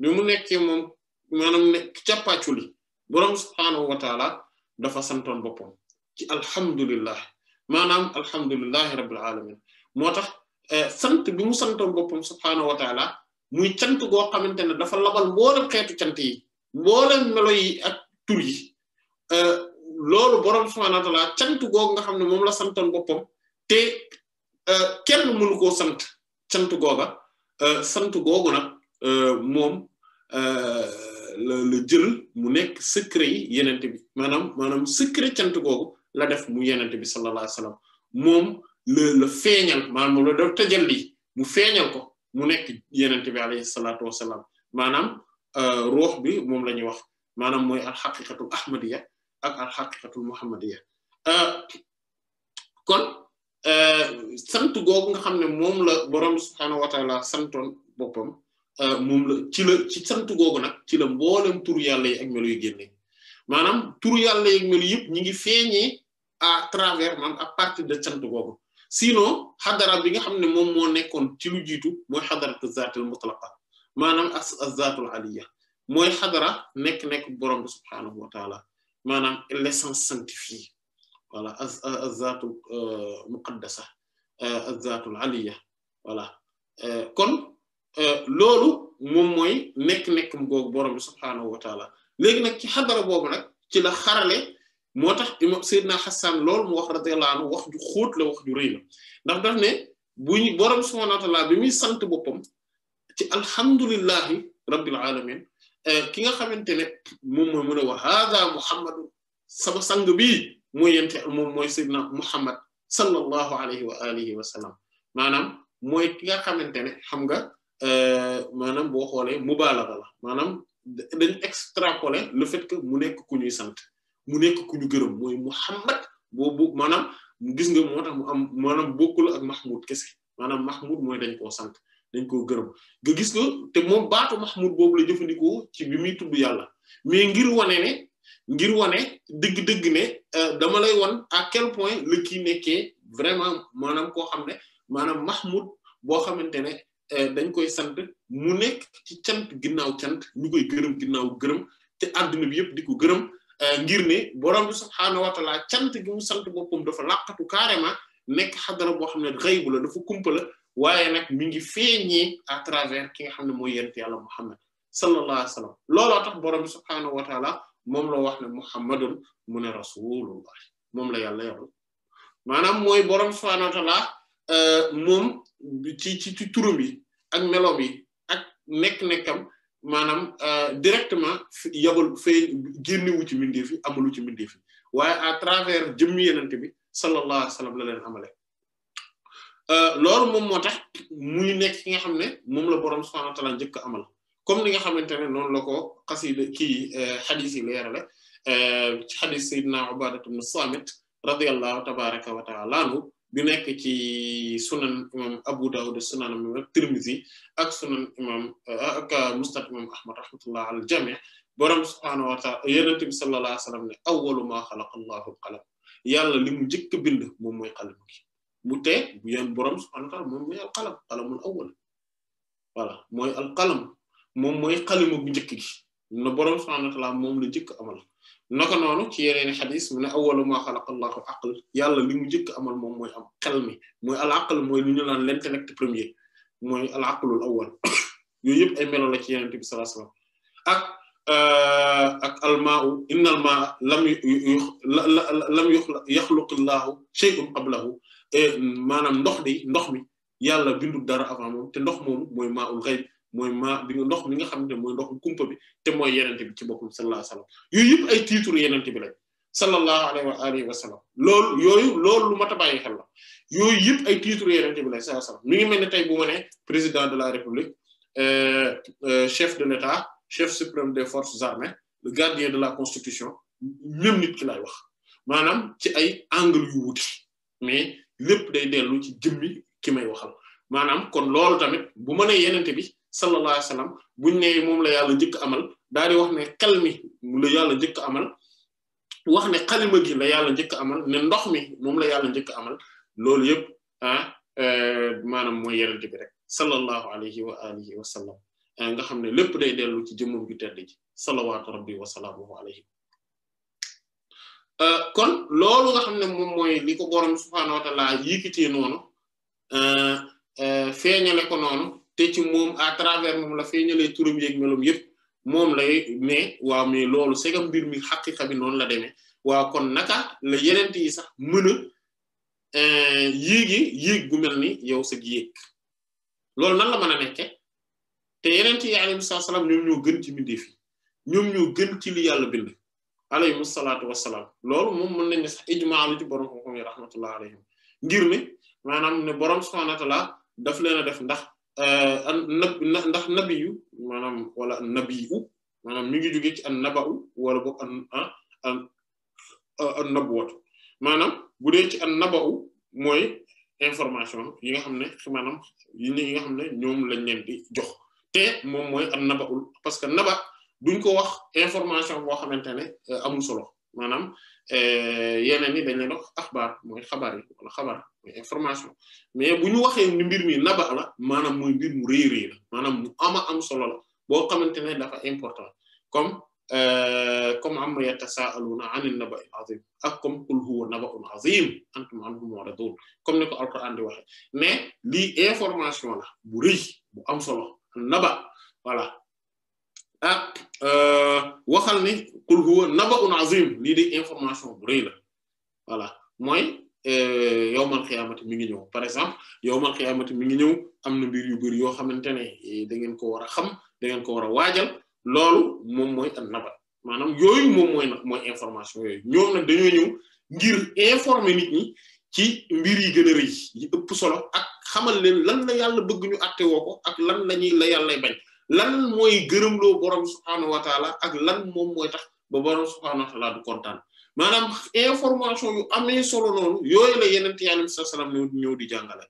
bi mu nekkee moom maanaam ne càppaaculi borom bi subhaanahu wa dafa santoon boppam ci alhamdulillah maanaam alhamdulillahi rabbil alamin moo tax euh, sant bi mu santoon boppam subhaanahu wa muy cant goo xamante ne dafa labal mboolem xeetu cant yi mboolem melo yi ak tur yi euh, loolu borom subhaanahu wa googu nga xam ne moom la santoon boppam te euh, kenn mënu koo sant sant googa euh, sant googu nag euh, moom la la jël mu nekk secret yenent bi maanaam maanaam secret cant googu la def mu yenent bi sallallahu alayhi moom la la feeñal maanaam moom la mu feeñal ko mu nekk yenent bi alayhi salaatu maanaam ruux bi moom la ñuy wax maanaam mooy alxaqiqatul ahmadiyya ak al haqiqatul muhammadiyya euh, kon euh, sant googu nga xam ne moom la borom subhanahu wa taala santoon boppam euh, moom la ci la ci sant googu nag ci la mboolem turu yàlla yi ak melu yu génne maanaam turu yàlla yi ak melu yëpp ñi ngi feeñee à travers maanaam à partir de sant googu sinon xadara bi nga xam ne kon moo nekkoon ci lu jiitu mooy xadaratu zaatul mutlaqa as zaatul aliya mooy hadara nekk nekk borom subhanahu wa taala manam l'essence sanctifiée voilà azzaatul muqaddasa azat aliya voilà kon lolu mom moy nek nek gog borom subhanahu wa taala léegi nak ci hadara bobu nak ci la xarale motax imam Seydina hasan loolu mu wax radiyallahu anhu wax ju xóot la wax ju rëy la ndax daf ne bu borom subhanahu wa taala bi muy sante bopam ci alhamdulillah rabbil alamin Euh, ki nga xamante ne moom mooy mën a wax hada muhammadu sama sang bi mooy yente moom mooy sayyidina muhammad sallallahu alayhi wa alihi wa sallam maanaam mooy ki nga xamante ne xam nga euh, maanaam boo xoolee mubaalaga la maanaam dañ extrapoler le fait que mu nekk ku ñuy sant mu nekk ku ñu gërëm mooy muhammad boobu maanaam gis nga moo tax mu am maanaam bokkul ak mahmud kese maanaam mahmud mooy dañ koo sant dañ koo gërëm nga gis ko te moom baatu Mahmoud boobu la jëfandikoo ci bi muy tudd yàlla mais ngir wane ne ngir wane dëgg-dëgg ne euh, dama lay won à quel point la kii nekkee vraiment maanaam koo xam ne maanaam Mahmoud boo xamante ne euh, dañ koy sant mu nekk ci cant ginnaaw cant ñu koy gërëm ginnaaw gërëm te adduna bi yëpp di ko gërëm euh, ngir ne borom bi subhaanahu wa taala cant gi mu sant boppam dafa làqatu carrément nekk xadara boo xam ne xëy bu la dafa kumpa la waaye nag mi ngi feeñee à travers ki nga xam ne mooy yent yàlla Muhammad sallallahu alayhi wa sallam looloo tax borom bi subhaanahu taala moom la wax ne Muhammadun mu ne rasulullah moom la yàlla yàlla maanaam mooy borom subhaanahu wa taala euh, moom ci ci ci turu bi ak melo bi ak nekk-nekkam maanaam euh, directement yabal fee génnewu ci mbindeef yi amalu ci mbindeef fi waaye à travers jëmmi yenente bi sallallahu alayhi wa sallam la leen amale Euh, loolu moom moo tax muy nekk ki nga xam ne moom la borom subhaanahu wa ta'aala njëkk amal comme ni nga xamante ne noonu la ko xasida kii euh, xadis leerale euh, ci xadis sayyidina Ubaada ibn Saamit radiyallahu tabaaraka wa ta'aala anhu bi nekk ci sunan imam Abu Dawud sunan imam Tirmizi ak sunan imam ak Musnad imam Ahmad rahmatullah al jamii borom subhaanahu wa ta'aala yonent bi sallallahu alayhi wa sallam ne awwalu maa xalaqa Allahu al-qalam njëkk bind moom mooy qalam gi موتة بيان برامس أنتار موي القلم قلم الأول فلا موي القلم موم موي قلم بيجكي نبرامس أنك لا موم لجك أمل نكن أنا كيرين يعني حديث من أول ما خلق الله عقل يلا لين جك أمل موم موي قلمي موي العقل موي لين لان لين تنك تبرمي موي العقل الأول يجيب إيميل الله كيرين يعني تبي سلاسل أك آه، أك الماء إن الماء لم يخلق الله شيء قبله maanaam ndox di ndox mi yàlla bindul dara avant moom te ndox moomu mooy maa ul xayb mooy maa bi ndox mi nga xamante ne mooy ndoxu kumpa bi te mooy yenente bi ci boppam sallallahu alayhi wa sallam yooyu yëpp ay tiituru yenente bi lañ sallallahu alayhi wa alihi wa sallam lool yooyu loolu lu mat a bàyyi xel la yooyu yëpp ay tiituru yenente bi lañ sallallahu alayhi wa sallam mi ngi mel ne tey bu ma ne président de la république euh, euh, chef de l'état chef suprême des forces armées le gardien de la constitution même nit ki lay wax maanaam ci ay angle yu wuti mais lépp day dellu ci jëmmi ki may waxal maanaam kon loolu tamit bu ma nee yenente bi sallallahu alayhi wasallam buñ ne moom la yàlla njëkk amal daal di wax ne xel yàlla njëkk amal wax ne xalima gi la yàlla njëkk amal ne ndox mi moom la yàlla njëkk amal loolu yëpp ah euh, maanaam mooy yenente bi rek sallallahu alayhi wa alihi wa sallam nga xam ne lépp day dellu ci jëmmam ju tedd ji salawaatu rabbi wa salaamuhu alayhi Euh, kon loolu nga xam ne moom mooy li ko borom subhaanahu wa ta'aala yëkkatee noonu euh, euh, feeñale ko noonu te ci moom à travers moom la feeñalee turam yeeg melom yëpp moom lay ne waaw mais loolu segam mbir mi xaqiqa bi noonu la demee waaw kon naka la yeneen yi sax mën yéegi yéeg gu mel ni yow sag yéeg loolu na la na a nekke te yeneen yi alayhi salaam ñoom ñoo gën ci mbindeef yi ñoom ñoo gën ci li yàlla bind. alayhim salaatu wassalaam loolu moom mën nañ ne sax ijmaa lu ci borom xam-xam yi ngir ne maanaam ne borom subhaanahu wa ta'aala daf leen a def ndax eh, ndax nabiyu maanaam wala nabiyu maanaam mi ngi jóge ci an naba'u wala boog an ah, ah, bu dee ci an naba'u mooy information yi nga xam ne maanaam yi nga xam ne ñoom lañ leen di jox te moom mooy an naba'ul parce que naba. duñ ko wax information boo xamante ne euh, amul solo maanaam euh, yeneen ni dañ leen wax axbaar mooy xabaar yi wala xabaar mooy information mais bu ñu waxee ni mbir mi naba la maanaam mooy mbir mu rëy rëy la maanaam mu ama am solo la boo xamante ne dafa important comme euh, comme amma yatasaaluna anin naba'il azim ak comme qul huwa naba'un azim antum anhu mu'ridun comme ni ko alquran waxe mais lii information la bu rëy bu am solo naba voilà ah euh, waxal ni qul huwa naba'un azim lii de information bu rëy la voilà mooy euh, yowmal xiyaamati mi ngi ñëw par exemple yowmal xiyaamati mi ngi ñëw am na mbir yu bëri yoo xamante ne eh, da ngeen ko war a xam da ngeen ko war a waajal loolu moom mooy a naba maanaam yooyu moom mooy nag mooy information yooyu ñoom nag dañoo ñëw ngir informe nit ñi ci mbir yi gën a rëy yi ëpp solo ak xamal leen lan la yàlla bëgg ñu àtte woo ak lan lañuy la yàlla bañ lan mooy gërëmloo borom subhaanahu wa ak lan moom mooy tax ba borom subhaanahu wa taala du kontaan maanaam information yu amee solo noonu yooyu la yeneen yàlla bi sallallahu alayhi ñëw di jàngale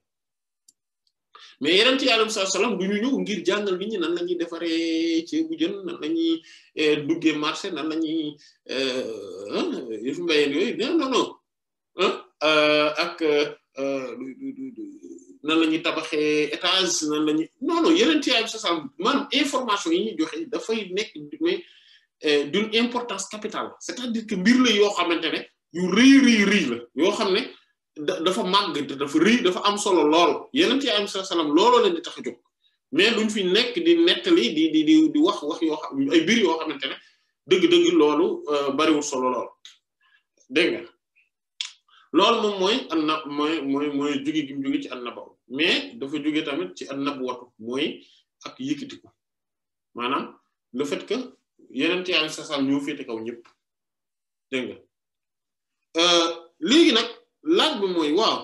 mais yeneen yàlla bi sallallahu alayhi wasallam du ñu ngir jàngal nit ñi nan la ñuy defaree ci jën nan la ñuy eh, duggee marché nan la ñuy eh, yëfu mbéyeen yooyu non non non euh, ak. Euh, euh, nan la ñuy tabaxee étage nan la ñuy non non yeneen ci yaay sax information yi ñuy joxe dafay nekk mais euh, d'une importance capitale c'est-à-dire que mbir la yoo xamante ne yu rëy rëy yoo xam ne dafa màgg dafa rëy dafa am solo lool yeneen ci sa sax looloo leen di tax a mais luñ fi nekk di nettali di di di di wax wax yoo xam ay mbir yoo xamante ne dëgg-dëgg loolu euh, bariwul solo lool dégg nga loolu moom mooy an na mooy mooy mooy jugi gi mu jugi ci an na baw mais dafa jóge tamit ci an nabwatu mooy ak yëkkatiku maanaam le fait que yeneen yàlla sa sal ñoo féete kaw ñëpp dégg nga euh, léegi nag laaj bi mooy waaw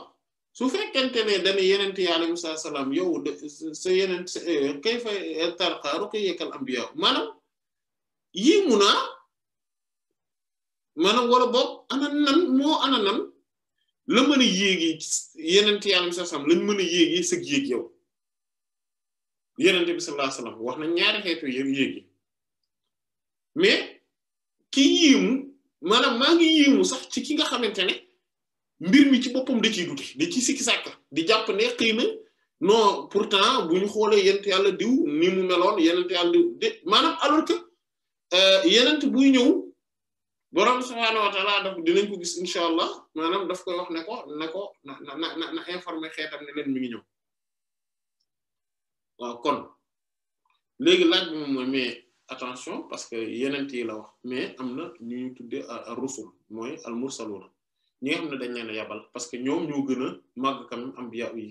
su fekkente ne dañuy yeneen yàlla yu saa salaam yow de sa yeneen euh, kayfa tarqa ruqiyakal anbiya maanaam yii mun a maanaam wala boog ana nan moo ana nan. la mën a yéegi yenent yàlla bi sallallahu alayhi lañ mën a yéegi sëg yéeg yow yenent bi sallallahu alayhi wax na ñaari xeetu yéegi mais ki yéemu maanaam maa ngi yéemu sax ci ki nga xamante ne mbir mi ci boppam da ciy dute da ciy sikki sàkk di jàpp ne xëy na non pourtant bu ñu xoolee yenent yàlla diw ni mu meloon yenent yàlla diw de maanaam alors que euh, yenent buy ñëw borom subhaanahu wa taala daf dinañ ko gis incha allah maanaam daf koy wax ne ko ne ko na na na na informé xeetam ne leen mi ngi ñëw waaw kon léegi laaj moom mooy mais attention parce que yeneen yi la wax mais am na ñu ñuy tuddee rusul mooy al mursaluna ñi nga xam ne dañ leen a yabal parce que ñoom ñoo gën a màgg quand même ambiya yi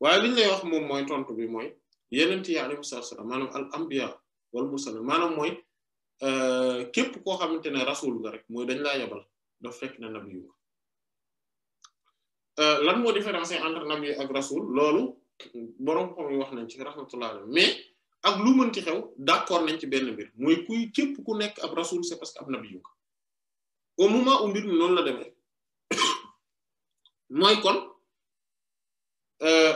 waaye li lay wax moom mooy tontu bi mooy yeneen yi alayhi salaam maanaam al ambiya wal mursaluna maanaam mooy. Eh, képp koo xamante ne rasul nga rek mooy dañ laa yabal daf fekk na nabi yu eh, lan moo différencier entre nabi ak rasul loolu borom xam yi wax nañ ci rahmatullah mais ak lu ci xew d'accord nañ ci benn mbir mooy kuy képp ku nekk ab rasul c'est parce que ab nabi yu au moment où mbir mi noonu la demee mooy kon eh,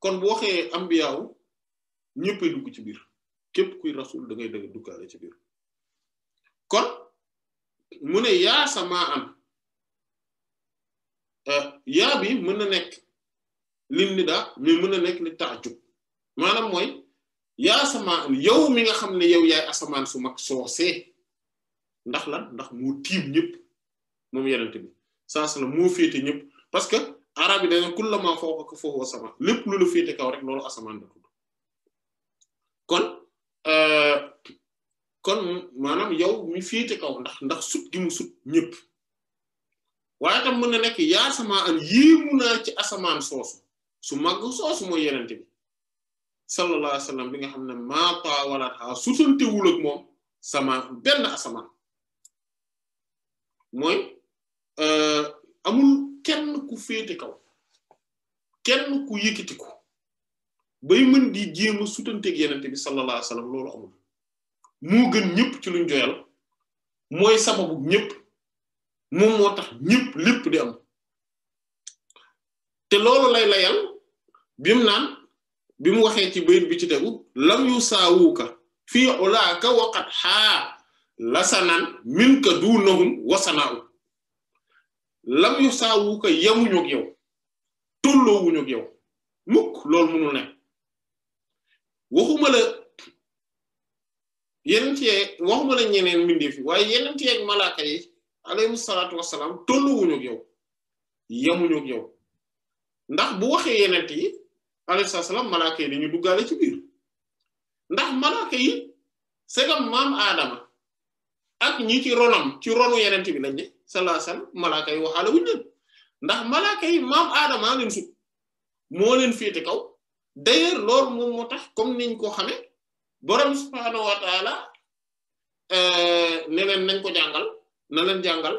kon bu waxee ambiyaaw ñëppay dugg ci biir kep kuy rasul da ngay deug duggaale ci bir kon mune ya sama am euh ya bi meuna nek nekk ni daa mais meuna nek ni li taajub maanaam mooy ya samaa yow mi nga xamne yow yaay asaman su mak soosee ndax lan ndax mo tim ñep mom yenente bi saa sala mo fété ñep parce que arab yi dañu kulama fawqaka ko fofu sama lepp lu lu fété kaw rek lolu asaman da tudd kon Euh, kon maanaam yow mi féete kaw ndax ndax sut gi mu sut ñëpp waaye tam mën na nekk yaa sama an yéemu naa ci asamaan soosu su màgg soosu mooy yenente bi sallallahu alayhi wa nga xam ne maapaa walataa sutantewul ak moom sama benn asamaan mooy euh, amul kenn ku féete kaw kenn ku yëkkati ko bay mën di jéem a sutanteeg yenente bi sallallahu alayhi wasallam loolu amul moo gën ñëpp ci luñ joyal mooy sababu ñépp moom moo tax ñëpp lépp di am te loolu lay layal bi mu naan bi mu waxee ci bayit bi ci tegu lam yu saawuuka fii ulaaka waqat xaa lasanaan min ka duunahum wasanaaw lam yu saawuuka yamuñu ak yow tolloowuñu ak yow mukk loolu mënul waxuma la yeneen ci waxuma la ñeneen mbindeef yi waaye yeneen ci yeeg malaaka yi alayhi salaatu wassalaam tolluwuñu ak yow yemuñu ak yow ndax bu waxee yeneen yi alayhi salaam malaaka yi dañuy duggaale ci biir ndax malaaka yi segam maam aadama ak ñi ci ronam ci ronu yeneen bi lañ ne sallallahu alayhi wasallam malaaka yi waxaale wuñu leen ndax malaaka yi maam aadama leen sut moo leen féete kaw d'ailleurs loolu moom moo tax comme niñ ko xame borom subhaanahu wa taala euh, ne leen nañ ko jàngal na leen jàngal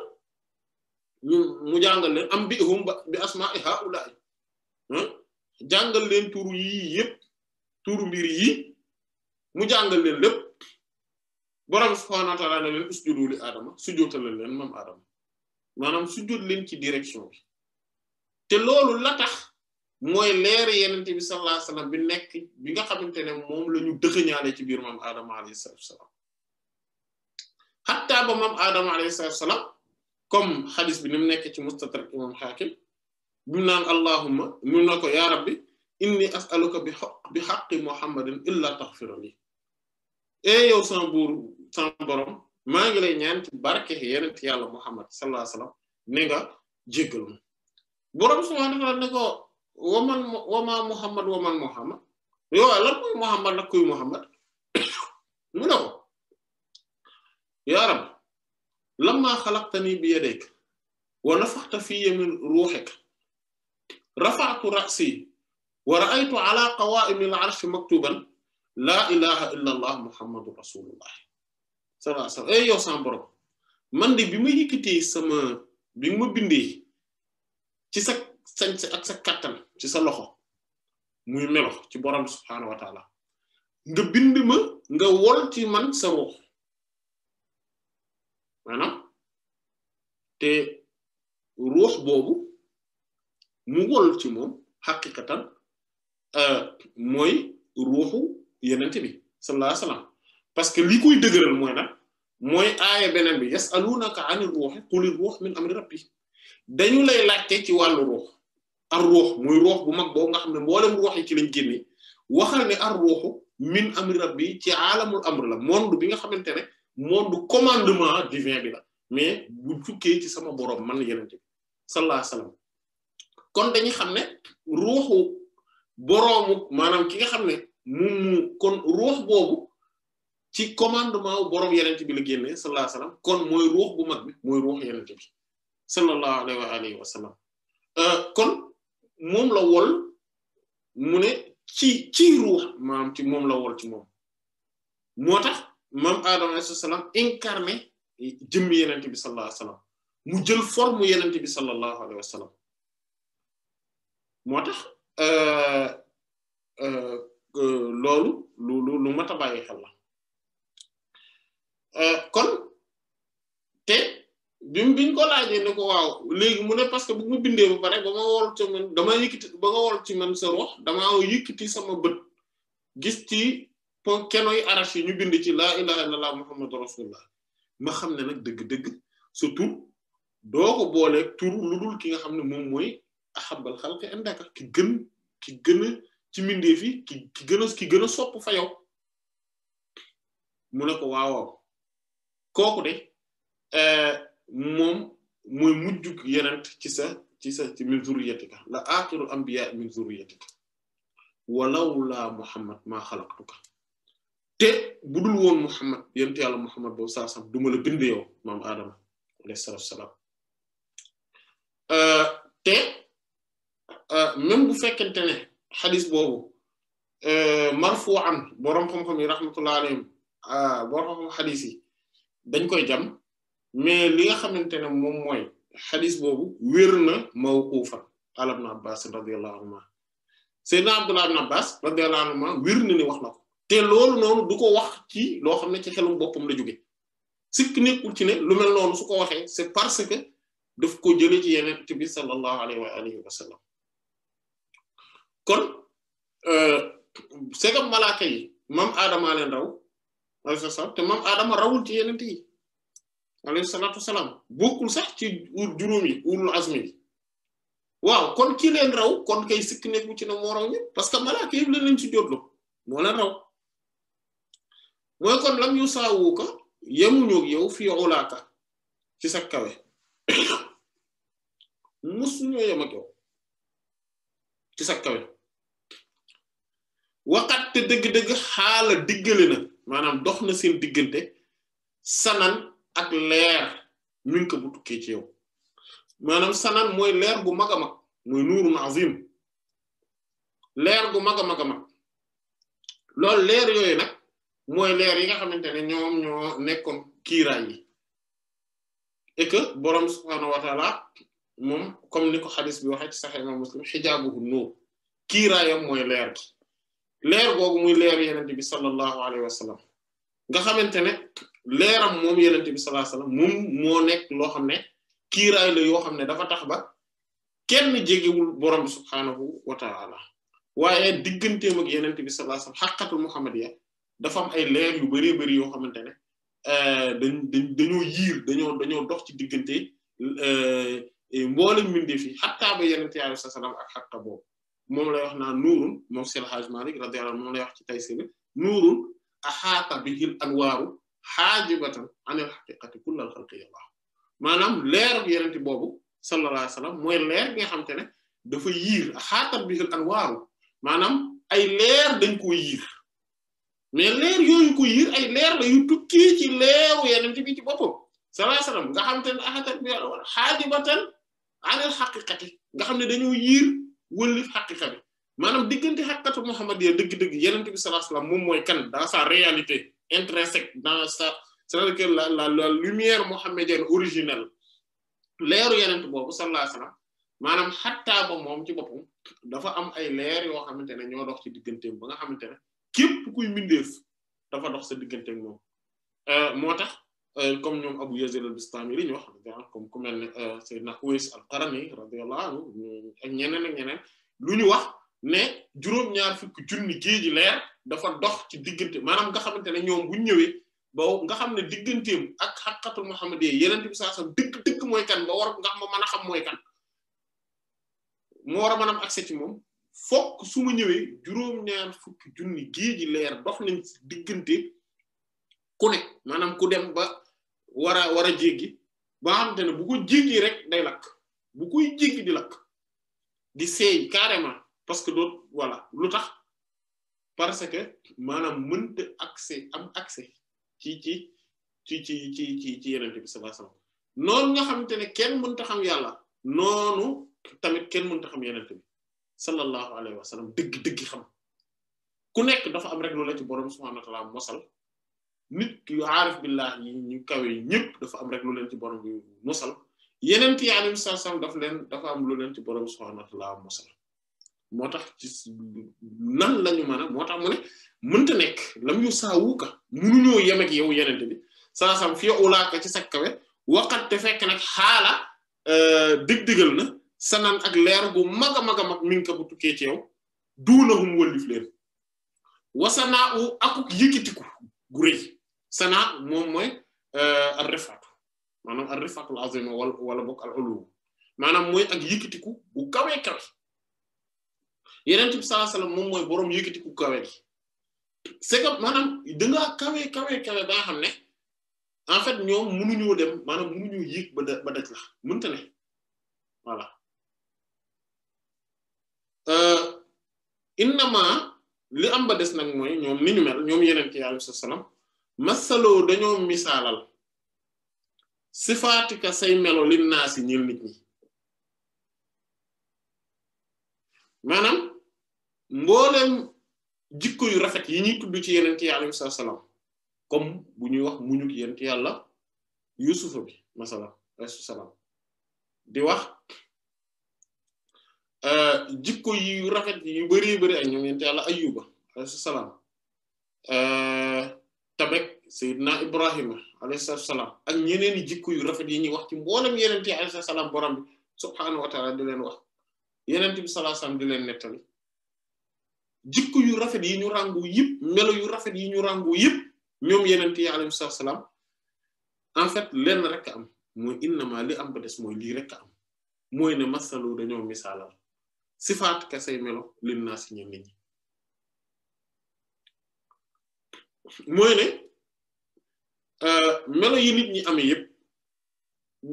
mu jàngal leen am bi hum bi asma'i haula'i jàngal leen tuuru yii yëpp tuuru mbir yi mu jàngal leen lépp borom subhaanahu wa taala ne leen usjudu li Adama sujjóotal leen moom Adama maanaam sujjóot leen ci direction bi te loolu la tax. mooy leer yenente bi sallallahu alayhi wasallam bi nekk bi nga xamante ne moom la ñu dëxëñaale ci biir maam aadama alayhi salatu wasalaam xattaa ba maam aadama alayhi wasalaam comme xadis bi ni mu nekk ci mustadrak imam xaakim bi naan allahumma mu na ko yaa rabbi inni as'aluka bi bi xaqi muhammadin illa taghfirli ee eh, yow sama buur sama borom maa ngi lay ñaan ci barke yenent yàlla muhammad sallallahu alayhi wasallam ne nga jéggal ma borom subhanahu wa ta'ala waman wama Muhammad waman Muhammad yow lan Muhammad nag Muhammad mu ne ko lamma xalaqtani bi wa nafaxta fiyya min ruuxika rafa'tu ra'si wa ra'aytu ala qawaa'imi al-'arshi maktuban laa ilaha illa allah muhammadu rasulullah sallallahu alayhi wa sallam eh, yow bi ma yëkkatee sama bi ma bindee ci sa sañse ak sa kattan ci sa loxo muy melo ci borom subhaanahu wa taala nga bind ma nga wol ci man sa ruux maanaam te ruux boobu mu wol ci moom xaqiqatan euh, mooy ruuxu yeneen bi sallallahu alayhi wasallam parce que li koy dëgëral mooy na mooy aaya beneen bi yasalunaka anir ruuxi qulir ruux min amri rabbi dañu lay laajte ci wàllu ruux ar ruux muy ruux bu mag boobu nga xam ne mboolem ruux yi ci lañ génne waxal ne ar ruuxu min amri rabbi ci aalamul amr la monde bi nga xamante ne monde commandement divin bi la mais bu tukkee ci sama boroom man yeneen bi sallallahu alayhi kon dañuy xam ne ruuxu boroomu maanaam ki nga xam ne kon ruux boobu ci commandement wu boroom yeneen bi la génnee sallallahu kon muy ruux bu mag bi mooy ruux yeneen bi sallallahu alayhi wa alihi euh, kon moom la wol mu ne ci ci ruux maanaam ci moom la wol ci moom moo tax maam Adama alayhi salaam incarné jëmmi yenente bi sallallahu alayhi wa mu jël forme yenente bi sallallahu alayhi wa sallam moo tax euh, euh, euh, loolu lu lu lu mat a bàyyi xel la kon te bi biñ ko laajee ne ko waaw léegi mu ne parce que bu ma bindee ba pare ba ma wol ci man damaa yëkkati ba nga wol ci man sa ruux damaa yëkkati sama bët gis ci pon kenoy arach ñu bind ci laa ilaha illallah muhammadu rasulullah ma xam ne nag dëgg-dëgg sa tur doo ko boolee tur lu dul ki nga xam ne moom mooy ahabbal xalqi indaka ki gën ki gën ci mbindeef fi ki gëna gën gën a sopp fa yow mu ne ko waaw waaw kooku de eh, moom mooy mujjug yenent ci sa ci sa ci min zurriyatika la aaxiru anbiya min zurriyatika walawla muhammad maa xalaqtuka te budul woon muhammad yent yàlla muhammad boobu saa duma la bind yow maam aadama alayhi salaatu salaam euh, te euh, même bu fekkente ne xadis boobu euh, marfu'an boroom xam-xam yi rahmatullah alayhim boroom xam-xam xadis yi dañ koy jam mais li nga xamante ne moom mooy xadis boobu wér na mawquufan ala ibn Abbas radiyallahu anhuma Seydina Abdullah ibn Abbas radiyallahu anhuma wér na ni wax na ko te loolu noonu du ko wax ci loo xam ne ci xelum boppam la jóge sikk nekkul ci ne lu mel noonu su ko waxee c'est parce que def ko jëlee ci yeneen bi sallallahu alayhi wa alihi wa sallam kon euh, segam malaaka yi mam aadama leen raw te mam aadama rawul ci yeneen yi alayhi salaatu wasalaam bokkul sax ci juróom yi ulul azmi yi waaw kon ki leen raw kon kay sikk nekku ci ne moo raw ñëpp parce que malaaka yëpp leen leen ci jotlu moo leen raw mooy kon lam yu saawuuka yemuñu ak yow fii laata ci sa kawe mus ñoo yem ci sa kawe waxatte dëgg-dëgg xaala diggale na maanaam dox na seen diggante sanan ak leer min ko bu tukkee ci yow maanaam sanan mooy leer bu mag mag mooy nuurun azim leer gu mag a mag a mag loolu leer yooyu nag mooy leer yi nga xamante ne ñoom ñoo nekkoon kiiraay yi et que borom subhaanahu wa taala moom comme ni ko bi waxe ci Sahih Imam Muslim xijaabuhu nuur kiiraayam mooy leer leer gogu muy leer yenenbi bi sallallahu alayhi wa sallam nga xamante ne leeram moom yenente bi sallallahu alayhi wasallam moo nekk loo xam ne kiiraay yoo xam ne dafa tax ba kenn jegewul borom bi subhaanahu wa ta'ala waaye digganteem ak yenente bi sallallahu alayhi wasallam xaqatul dafa am ay leer yu bëree yoo xamante ne eh, dañ dañ dañoo yiir dañoo dañoo dox ci diggante eh, eh, mboolem mbindeef yi xattaa ba yenente yàlla sallallahu alayhi wasallam ak xaqa moom lay wax naa nuurun moom Seydi El Hadji Malik radiyallahu anhu moom lay wax ci Tayssîr nuurun axaata bihil anwaaru xaajibatan anil xaqiqati kullal xalqi yàlla maanaam leer yenente boobu sallallahu alayhi wa mooy leer bi nga xam te ne dafa yiir xaatar bi al anwaaru maanaam ay leer dañ ko yiir mais leer yooyu ko yiir ay leer la yu tukkii ci leeru yenente bi ci boppam sallallahu alayhi wa sallam nga xam te ne xaatar bi xaajibatan anil xaqiqati nga xam ne dañoo yiir wëllif xaqiqa bi maanaam diggante xaqiqatu muhammadiyya dëgg-dëgg yenente bi sallallahu alayhi wa sallam moom mooy kan dans sa réalité intrinsèque dans sa c'est-à-dire que la la la lumière mohammedienne originelle leeru yenent boobu sallallahu alayhi wasallam maanaam xattaa ba moom ci boppam dafa am ay leer yoo xamante ne ñoo dox ci digganteem ba nga xamante ne képp kuy mbindeef dafa dox sa digganteeg moom euh, moo tax euh, comme ñoom Abu Yazid al-Bistami li ñu wax comme ku mel ne euh, Seydina Uwais al-Qarni radiyallahu anhu ak ñeneen ak ñeneen lu ñu wax ne juróom ñaar fukk junni geedji leer dafa dox ci digënté manam nga xamantene ñoom bu ñëwé ba nga xamné ne ak xaqatul muhammadiyya yeneen bi wasallam dëkk dëkk moy kan ba war nga ma mëna xam moy kan mo wara manam mën a kan. accès ci moom fokk suma ñëwé ñëwee ñaar fukk junni geedji leer dox nañ ci digënté ku ne manam ku dem ba wara wara jéggi ba am tane bu ko jéggi rek day lak bu koy jéggi di lak di sey carrément parce que loolu voilà lu tax parce que maanaam mënta accès am accès ci ci ci ci ci ci ci yenente bi sallallahu alayhi noonu nga xamante ne kenn mënta xam yàlla noonu tamit kenn mënta xam yenente bi sallallahu alayhi wasallam dëgg dëgg xam ku nekk dafa am rek lu la ci borom subhanahu wa ta'ala mosal nit yu aarif billah yi ñu kawe ñëpp dafa am rek lu leen ci borom bi mosal yeneen yi alayhi wasallam daf leen dafa am lu leen ci borom subhanahu wa ta'ala mosal moo tax ci nan lañu mën a moo tax mu ne mënta nekk lam yu saawuka munuñoo yem ak yow yee bi saasam fii ulaaka ci sag kawe waqat te fekk nag xaala euh, dig-digal na sanan ak leer bu mag a mag a mag mi ngi ko bu tukkee ci yow duunahum wëllif leen wasanaa u akuk yëkkitiku gu rëy sanaa moom mooy euh, ar rifaatu maanaam ar rifaatul azim wala wala bokk al ulu maanaam mooy ak yëkkitiku bu kawee kawe yeneen bi sallallahu alayhi moom mooy boroom yëkkati ku kawe gi c'est que maanaam da kawe kawe kawe ba xam ne en fait ñoom mënuñoo dem maanaam mënuñoo yéeg ba ba daj la mënta ne euh, li am ba des nag mooy ñoom ni mel ñoom yeneen ci yàlla sallam masaloo dañoo misaalal sifaatika say melo li naa si nit ñi maanaam mboolem jikko yu rafet yi ñuy tudd ci yeneen ci yàlla Musaa salaam comme bu ñuy wax muñu yeneen ci yàlla Yuusufa bi masala alayhi di wax euh, jikko yu rafet yu bari bari ak ñoom yeneen ci yàlla Ayyuba alayhi salaam euh, tabek Seydina Ibrahima alayhi salaam ak ñeneen i jikko yu rafet yi ñuy wax ci mboolem yeneen ci alayhi salaam borom bi subhaanahu wa di leen wax yeneen bi sallallahu di leen nettali. jikko yu rafet yi ñu ràngu yëpp melo yu rafet yi ñu ràngu yëpp ñoom yeneen yi alayhi salaam en fait lenn rek am mooy innama li am ba des mooy lii rek am mooy ne masalu dañoo misaalal sifaat kasay melo lim naa si ñoom nit ñi mooy ne euh, melo yi nit ñi amee yëpp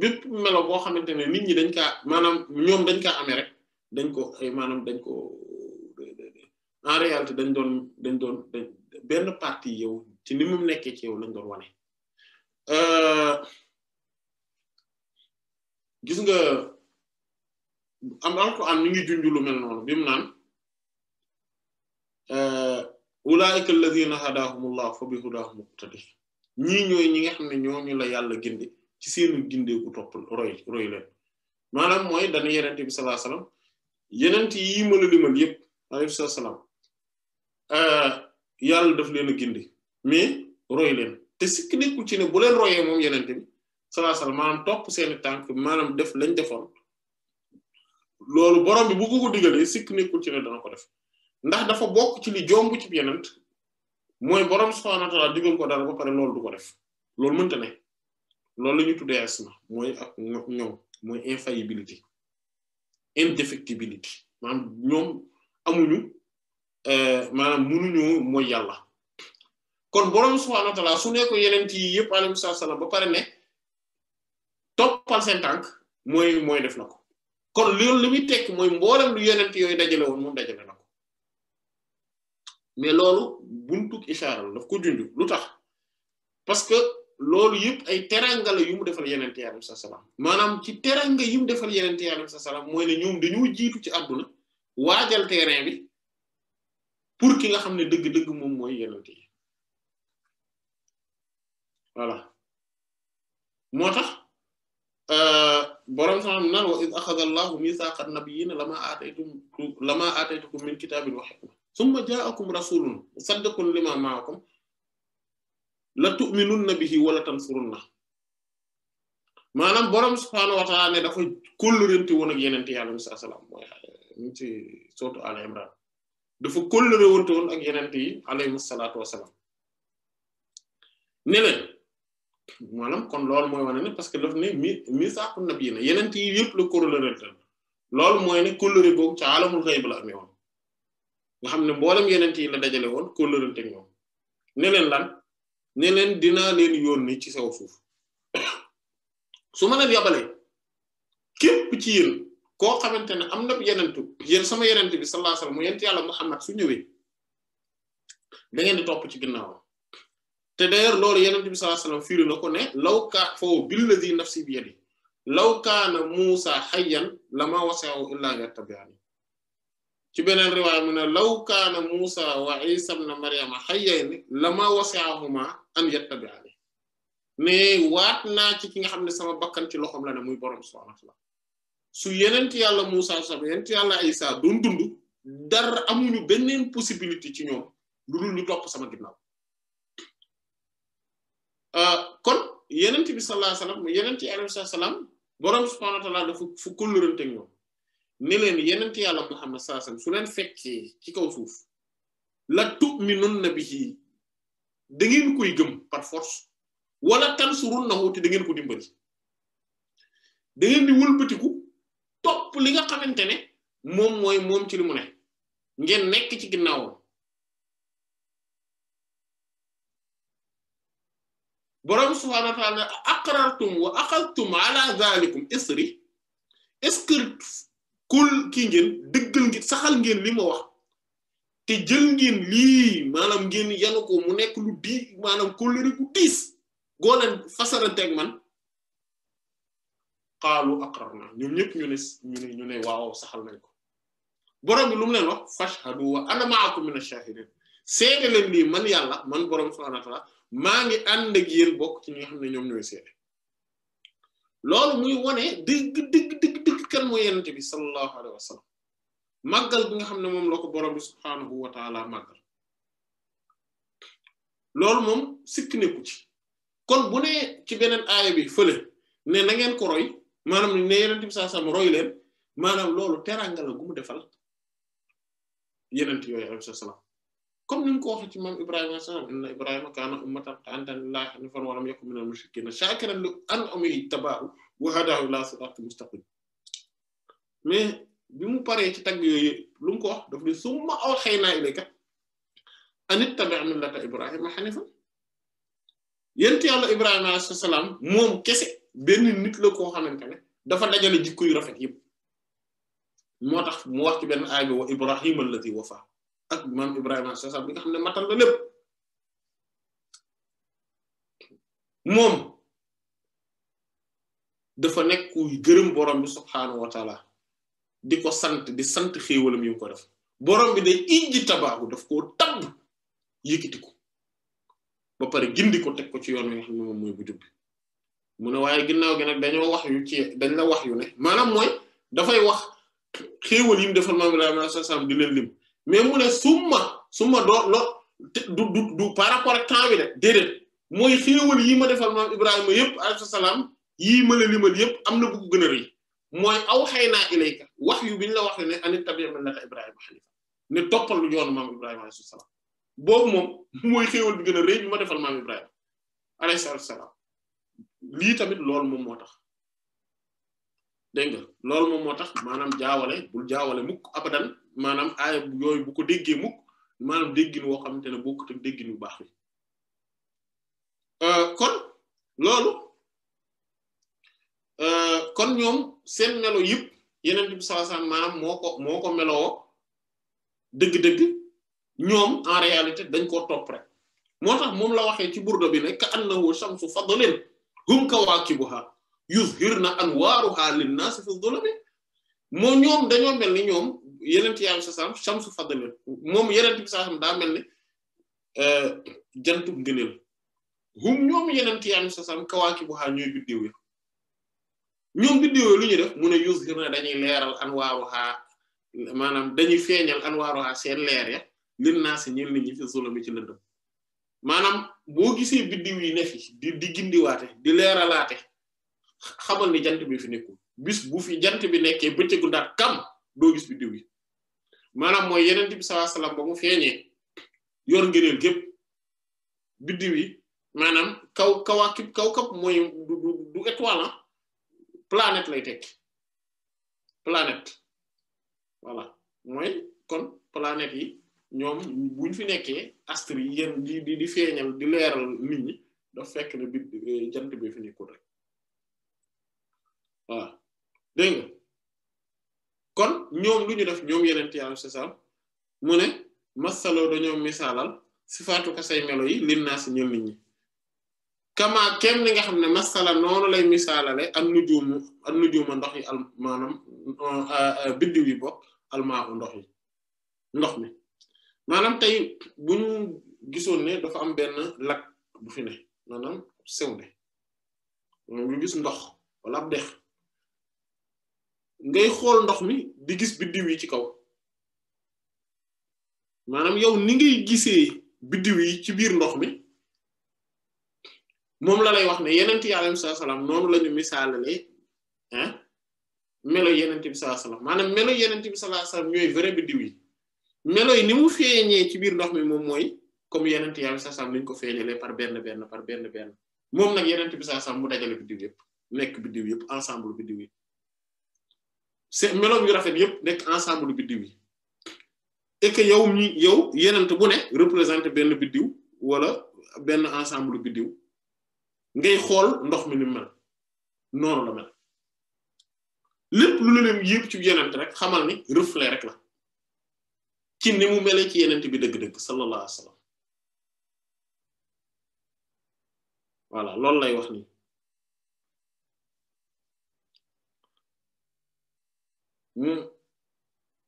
bépp melo boo xamante ne nit ñi dañ kaa maanaam ñoom dañ kaa amee rek dañ ko maanaam dañ ko en réalité dañ doon dañ doon benn partie yow ci ni mu nekkee ci yow lañ doon wane euh, gis nga am alquran mi ngi junj lu mel noonu bi mu a euh, ulaa'ika allaziina hadaahumullahu fa bihudaahum iqtadi ñii ñooy ñi nga xam ne ñooñu la yàlla gindi ci seenu gindeeku topp roy roy leen maanaam mooy dañu yenente bi sallallahu alayhi wasallam yenent yi ma la salaam Euh, yàlla daf leen a gindi mais roy leen te sikk nekkul ci ne bu leen royee moom yeneen bi sallallahu alayhi topp seeni tànk maanaam def lañ defoon loolu borom bi bu ko ko digalee sikk nekkul ci ne dana ko def ndax dafa bokk ci li jomb ci yeneen mooy borom subhaanahu wa ta'aala digal ko dara ba pare loolu du ko def loolu mënta ne loolu la ñu tuddee asma mooy ak ñoom mooy infaillibilité indéfectibilité maanaam ñoom amuñu. Eh, maanaam munuñu mooy yàlla kon borom subhaanahu wa su ne ko yeneen yi yëpp alayhi salaam ba pare ne toppal seen mooy mooy def na ko kon loolu lu muy tekki mooy mboolem lu yeneen yooyu dajalewoon moom dajale na ko mais loolu buntuk ishaara la daf ko junj lu tax parce que loolu yëpp ay teranga la yu mu defal yeneen yi alayhi salaam maanaam ci teranga yi mu defal yeneen yi alayhi salaam mooy ne ñoom dañoo jiitu ci àdduna waajal terrain bi. pour ki nga xam ne dëgg-dëgg moom mooy yellooti yi voilà moo tax euh, boroom saxam naan wa iz axada allahu misaaqa nabiyyiina lamaa aataytum lamaa aataytukum min kitaabin wa hikma summa jaa'akum rasuulun musaddiqun limaa ma'akum la tu'minunna bihi wa la tansurunna maanaam boroom subhaanahu wa ta'aala ne dafa kóllërante woon ak yeneen yàlla sallallahu alayhi wa sallam mooy euh, ci sootu dafa kóllëre wante ak yeneen yi alayhi salaatu wassalaam ne leen maanaam kon loolu mooy wane ne parce que daf ne mi mi saaku nab yi ne yeneen yi yëpp la kóllëre lool mooy ne kóllëre googu ca alamul xayb la amee woon nga xam ne mboolem yeneen yi la dajale woon kóllërante ak ñoom ne leen lan ne leen dinaa leen yónni ci saw suuf su ma leen yabalee képp ci yéen koo xamante ne am na yenentu yéen sama yenent bi sallallahu alayhi wasallam mu yent yàlla Muhammad su ñëwee dangeen ngeen di topp ci ginnaawam te d'ailleurs loolu yenent bi sallallahu alayhi fiiri na ko ne law kaa foofu billadi nafsi bi yadi law kaana Muusa hayyan lama wasahu illa yattabi'ani ci beneen riwaay mu ne law kaana Muusa wa Isa ibn Maryama hayyan lama wasahuma an yattabi'ani mais waat naa ci ki nga xam ne sama bakkan ci loxoom la ne muy borom subhanahu wa su yenent yalla musa salam yenent yalla Isa dun dund dar amuñu benen possibility ci ñoom lu dul ñu top sama euh kon yenent bi sallallahu alayhi wasallam yenent yalla sallallahu alayhi wasallam borom subhanahu wa ta'ala da fu kóllërante ñoom ne len yenent yalla Muhammad sallallahu alayhi wasallam su len fekke ci kaw suuf la tu'minun nabihi da ngeen koy gëm par force wala tansurunahu te da ngeen ko dimbali da ngeen di wulbeetiku topp li nga xamante ne moom mooy moom ci li mu ne ngeen nekk ci ginnaawam borom subhaanahu wa ta'aala aqrartum wa axadtum ala zalikum isri est-ce que kul kii ngeen dëggal ngeen saxal ngeen li ma wax te jël ngeen lii maanaam ngeen yanu ko mu nekk lu di maanaam kóllëre gu diis goo leen fasarante ak man qaalu aqrarna ñoom ñëpp ñu ne ñu waaw saxal nañ ko borom bi lu mu leen wax fashhadu wa ana ma'akum mina shahidin seede leen lii man yàlla man borom subhanahu wa ta'ala maa ngi ànd ak yéen bokk ci ñi nga xam ne ñoom ñooy seede loolu muy wone dëgg dëgg dëgg dëgg kan mooy yonent bi sallallahu bi nga xam ne moom la ko borom bi moom sikk nekku ci kon bu ne ci beneen aaya bi fële ne na ngeen ko maanaam ne yeneen bi sallallahu roy leen maanaam loolu teraanga la gu mu defal yeneen yooyu alayhi comme ni mu ko waxee ci maam Ibrahima a inna Ibrahima kaana ummatan qanitan lillahi hanifan wa lam yakun minal mushrikina shakiran li an'amihi ijtabaahu wa hadaahu ila siraatin mustaqim mais bi mu paree ci tagg yooyu lu mu ko wax daf ne summa awhaynaa ilayka an ittabi' millata Ibrahima moom kese. benn nit la koo xamante ne dafa dajale jikko yu rafet yëpp moo tax mu wax ci benn aay bi wa Ibrahim allati wafa ak maam Ibrahima sa bi nga xam ne matal la lépp moom dafa nekk kuy gërëm borom bi subhaanahu wa di ko sant di sant xéewalam yu ko def borom bi de ijji tabaabu daf ko tabb yëkkati ko ba pare gindi ko teg ko ci yoon wi nga xam ne moom mooy bu jubbi mu way ginnaw gi nak dañoo wax yu ci dañ la wax yu ne manam moy da fay wax xéewal yim mu defal maam Ibrahima sallam di leen lim mais mu summa summa do lo du du du par rapport ak temps bi de dedet moy xéewal yi ma defal mom ibrahim yëpp alayhi salaam yi ma la limal yëpp amna bu ko gën a rëy aw xeyna ilayka wax yu biñ la wax ne ani man millata ibrahim hanifa ne topal lu yoon mom ibrahim alayhi salaam boobu moom mooy xéewal bi gëna reuy bi ma defal mom ibrahim alayhi salaam. li tamit lool mom motax deng dégg nga loolu moom moo jaawale bul jaawale mukk abadan manam ay yoy bu ko degge mukk manam deggin wo xamantene bokk bokkut deggin bu baax kon euh kon euh, ñom sen melo yip yenen bi sallallahu alayhi wasallam maanaam moo ko moo ko meloo dëgg en réalité dañ ko top rek motax mom la waxe ci bourdo bi ne ka annahu shamsu fadlin hum kawaakibuha yuzhirna anwaaruha linnaasi fi dhulami moo ñoom dañoo mel ni ñoom yeneen ci yàlla sa sam shamsu moom yeneen bi sa sam daa mel ni eh, jantub ngëneel hum ñoom yeneen ci yàlla sa sam kawaakibuha ñooy biddew ñoom biddew ñu def mu ne yuzhirna dañuy leeral anwaaruha maanaam dañuy feeñal anwaaruha seen leer ya linnaasi ñeel nit ñi fi dhulami ci lëndëm maanaam boo gisé bidiw yi nefi di di gindi waté di léralaté xamal ni jant bi fi nekkul bis bu fi jant bi nekké beccu ndaat kam do gis bidiw yi manam moy yenen tib sallallahu alayhi wasallam ba mu yor ngeenel gep bidiw yi manam kaw kawakib kaw kap moy du du du étoile planète lay tek planète voilà moy kon planète yi. ñoom buñ fi nekkee astre yi yéen di di di feeñal di leeral nit ñi daf fekk ne bi eh, jant bi fi nekkul rek waaw dégg kon ñoom lu ñu def ñoom yeneen yàlla si saam mu ne masaloo dañoo misaalal sifaatu ka say melo yi lin naa si ñëw nit ñi kama kem li nga xam ne masala noonu lay misaalale an nujuumu an nujuuma ndox yi al maanaam euh, euh, biddiw yi bokk almaa ndox yi ndox mi maanaam tey bu ñu gisoon ne dafa am benn lac bu fi ne maanaam sew ne ñu gis ndox wala ab dex ngay xool ndox mi di gis biddiw yi ci kaw maanaam yow ni ngay gisee biddiw yi ci biir ndox mi moom la lay wax ne yenent yi alayhi salaam noonu la ñu misaalalee ah melo yenent bi saa alayhi maanaam melo yenent bi sallallahu alayhi ñooy vrai biddiw yi melo yi ni mu feeñee ci biir ndox mi moom mooy comme yenent yàlla sa sam niñ ko feeñalee par benn benn par benn benn moom nag yenent bi sa sam mu dajale biddiw yëpp nekk biddiw yëpp ensemble biddiw yi c'est meloom yu rafet yëpp nekk ensemble biddiw yi et que yow mi yow yenent bu ne représenté benn biddiw wala benn ensemble biddiw ngay xool ndox mi ni mel noonu la mel lépp lu la leen yëpp ci yenent rek xamal ni reflet rek la ci ni mu mele ci yenent bi dëgg-dëgg sallallahu alayhi loolu lay wax ni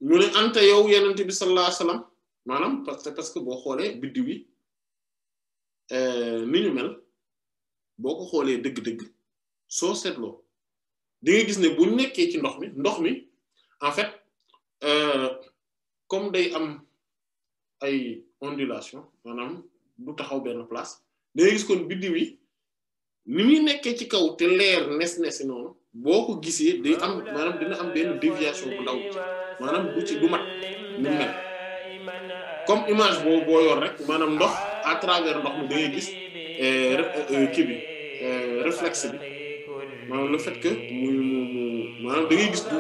mu ne anta yow yenent bi sallallahu alayhi maanaam parce que parce que boo xoolee biddiw yi euh, ni ñu mel boo ko xoolee dëgg-dëgg soo seetloo di nga gis ne bu nekkee ci ndox mi ndox mi en fait. Euh, comme day am ay ondulation maanaam du taxaw benn place day gis kon biddiw yi ni muy nekkee ci kaw te leer nes nesi noonu boo ko gisee day am maanaam dina am benn déviation bu ndaw maanaam du ci du mat ni mel comme image boo boo yor rek maanaam ndox à travers ndox mi da gis eh, eh, eh, kii bi bi maanaam le fait que muy mu maanaam da gis du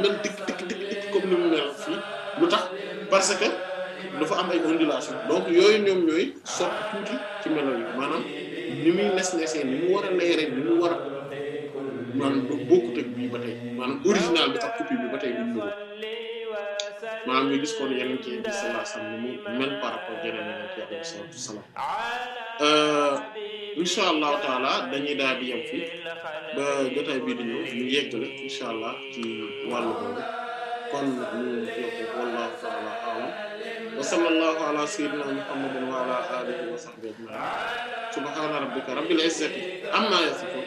mel tikk tikk tikk comme ni mu mel fii lu tax parce que dafa am ay ondulation donc yooyu ñoom ñooy soppi tuuti ci melo yi maanaam ni muy nes nesee ni mu war a leeree ni mu war a maanaam bokkut ak ba tey maanaam original bi sax copie bi ba tey duñ ñëw maanaam ñu gis kon yeneen ci bi sallallahu alayhi wasallam ni mu mel par rapport yeneen yeneen ci alayhi salaatu wasalaam euh, incha allahu taala dañuy daal di fi ba jotaay bii di ñëw ñu yeggale incha allah ci wàllu boobu وصلى الله على سيدنا محمد وعلى آله وصحبه أجمعين سبحان ربك رب العزة عما يصفون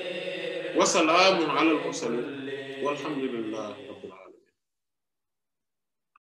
وسلام على المرسلين والحمد لله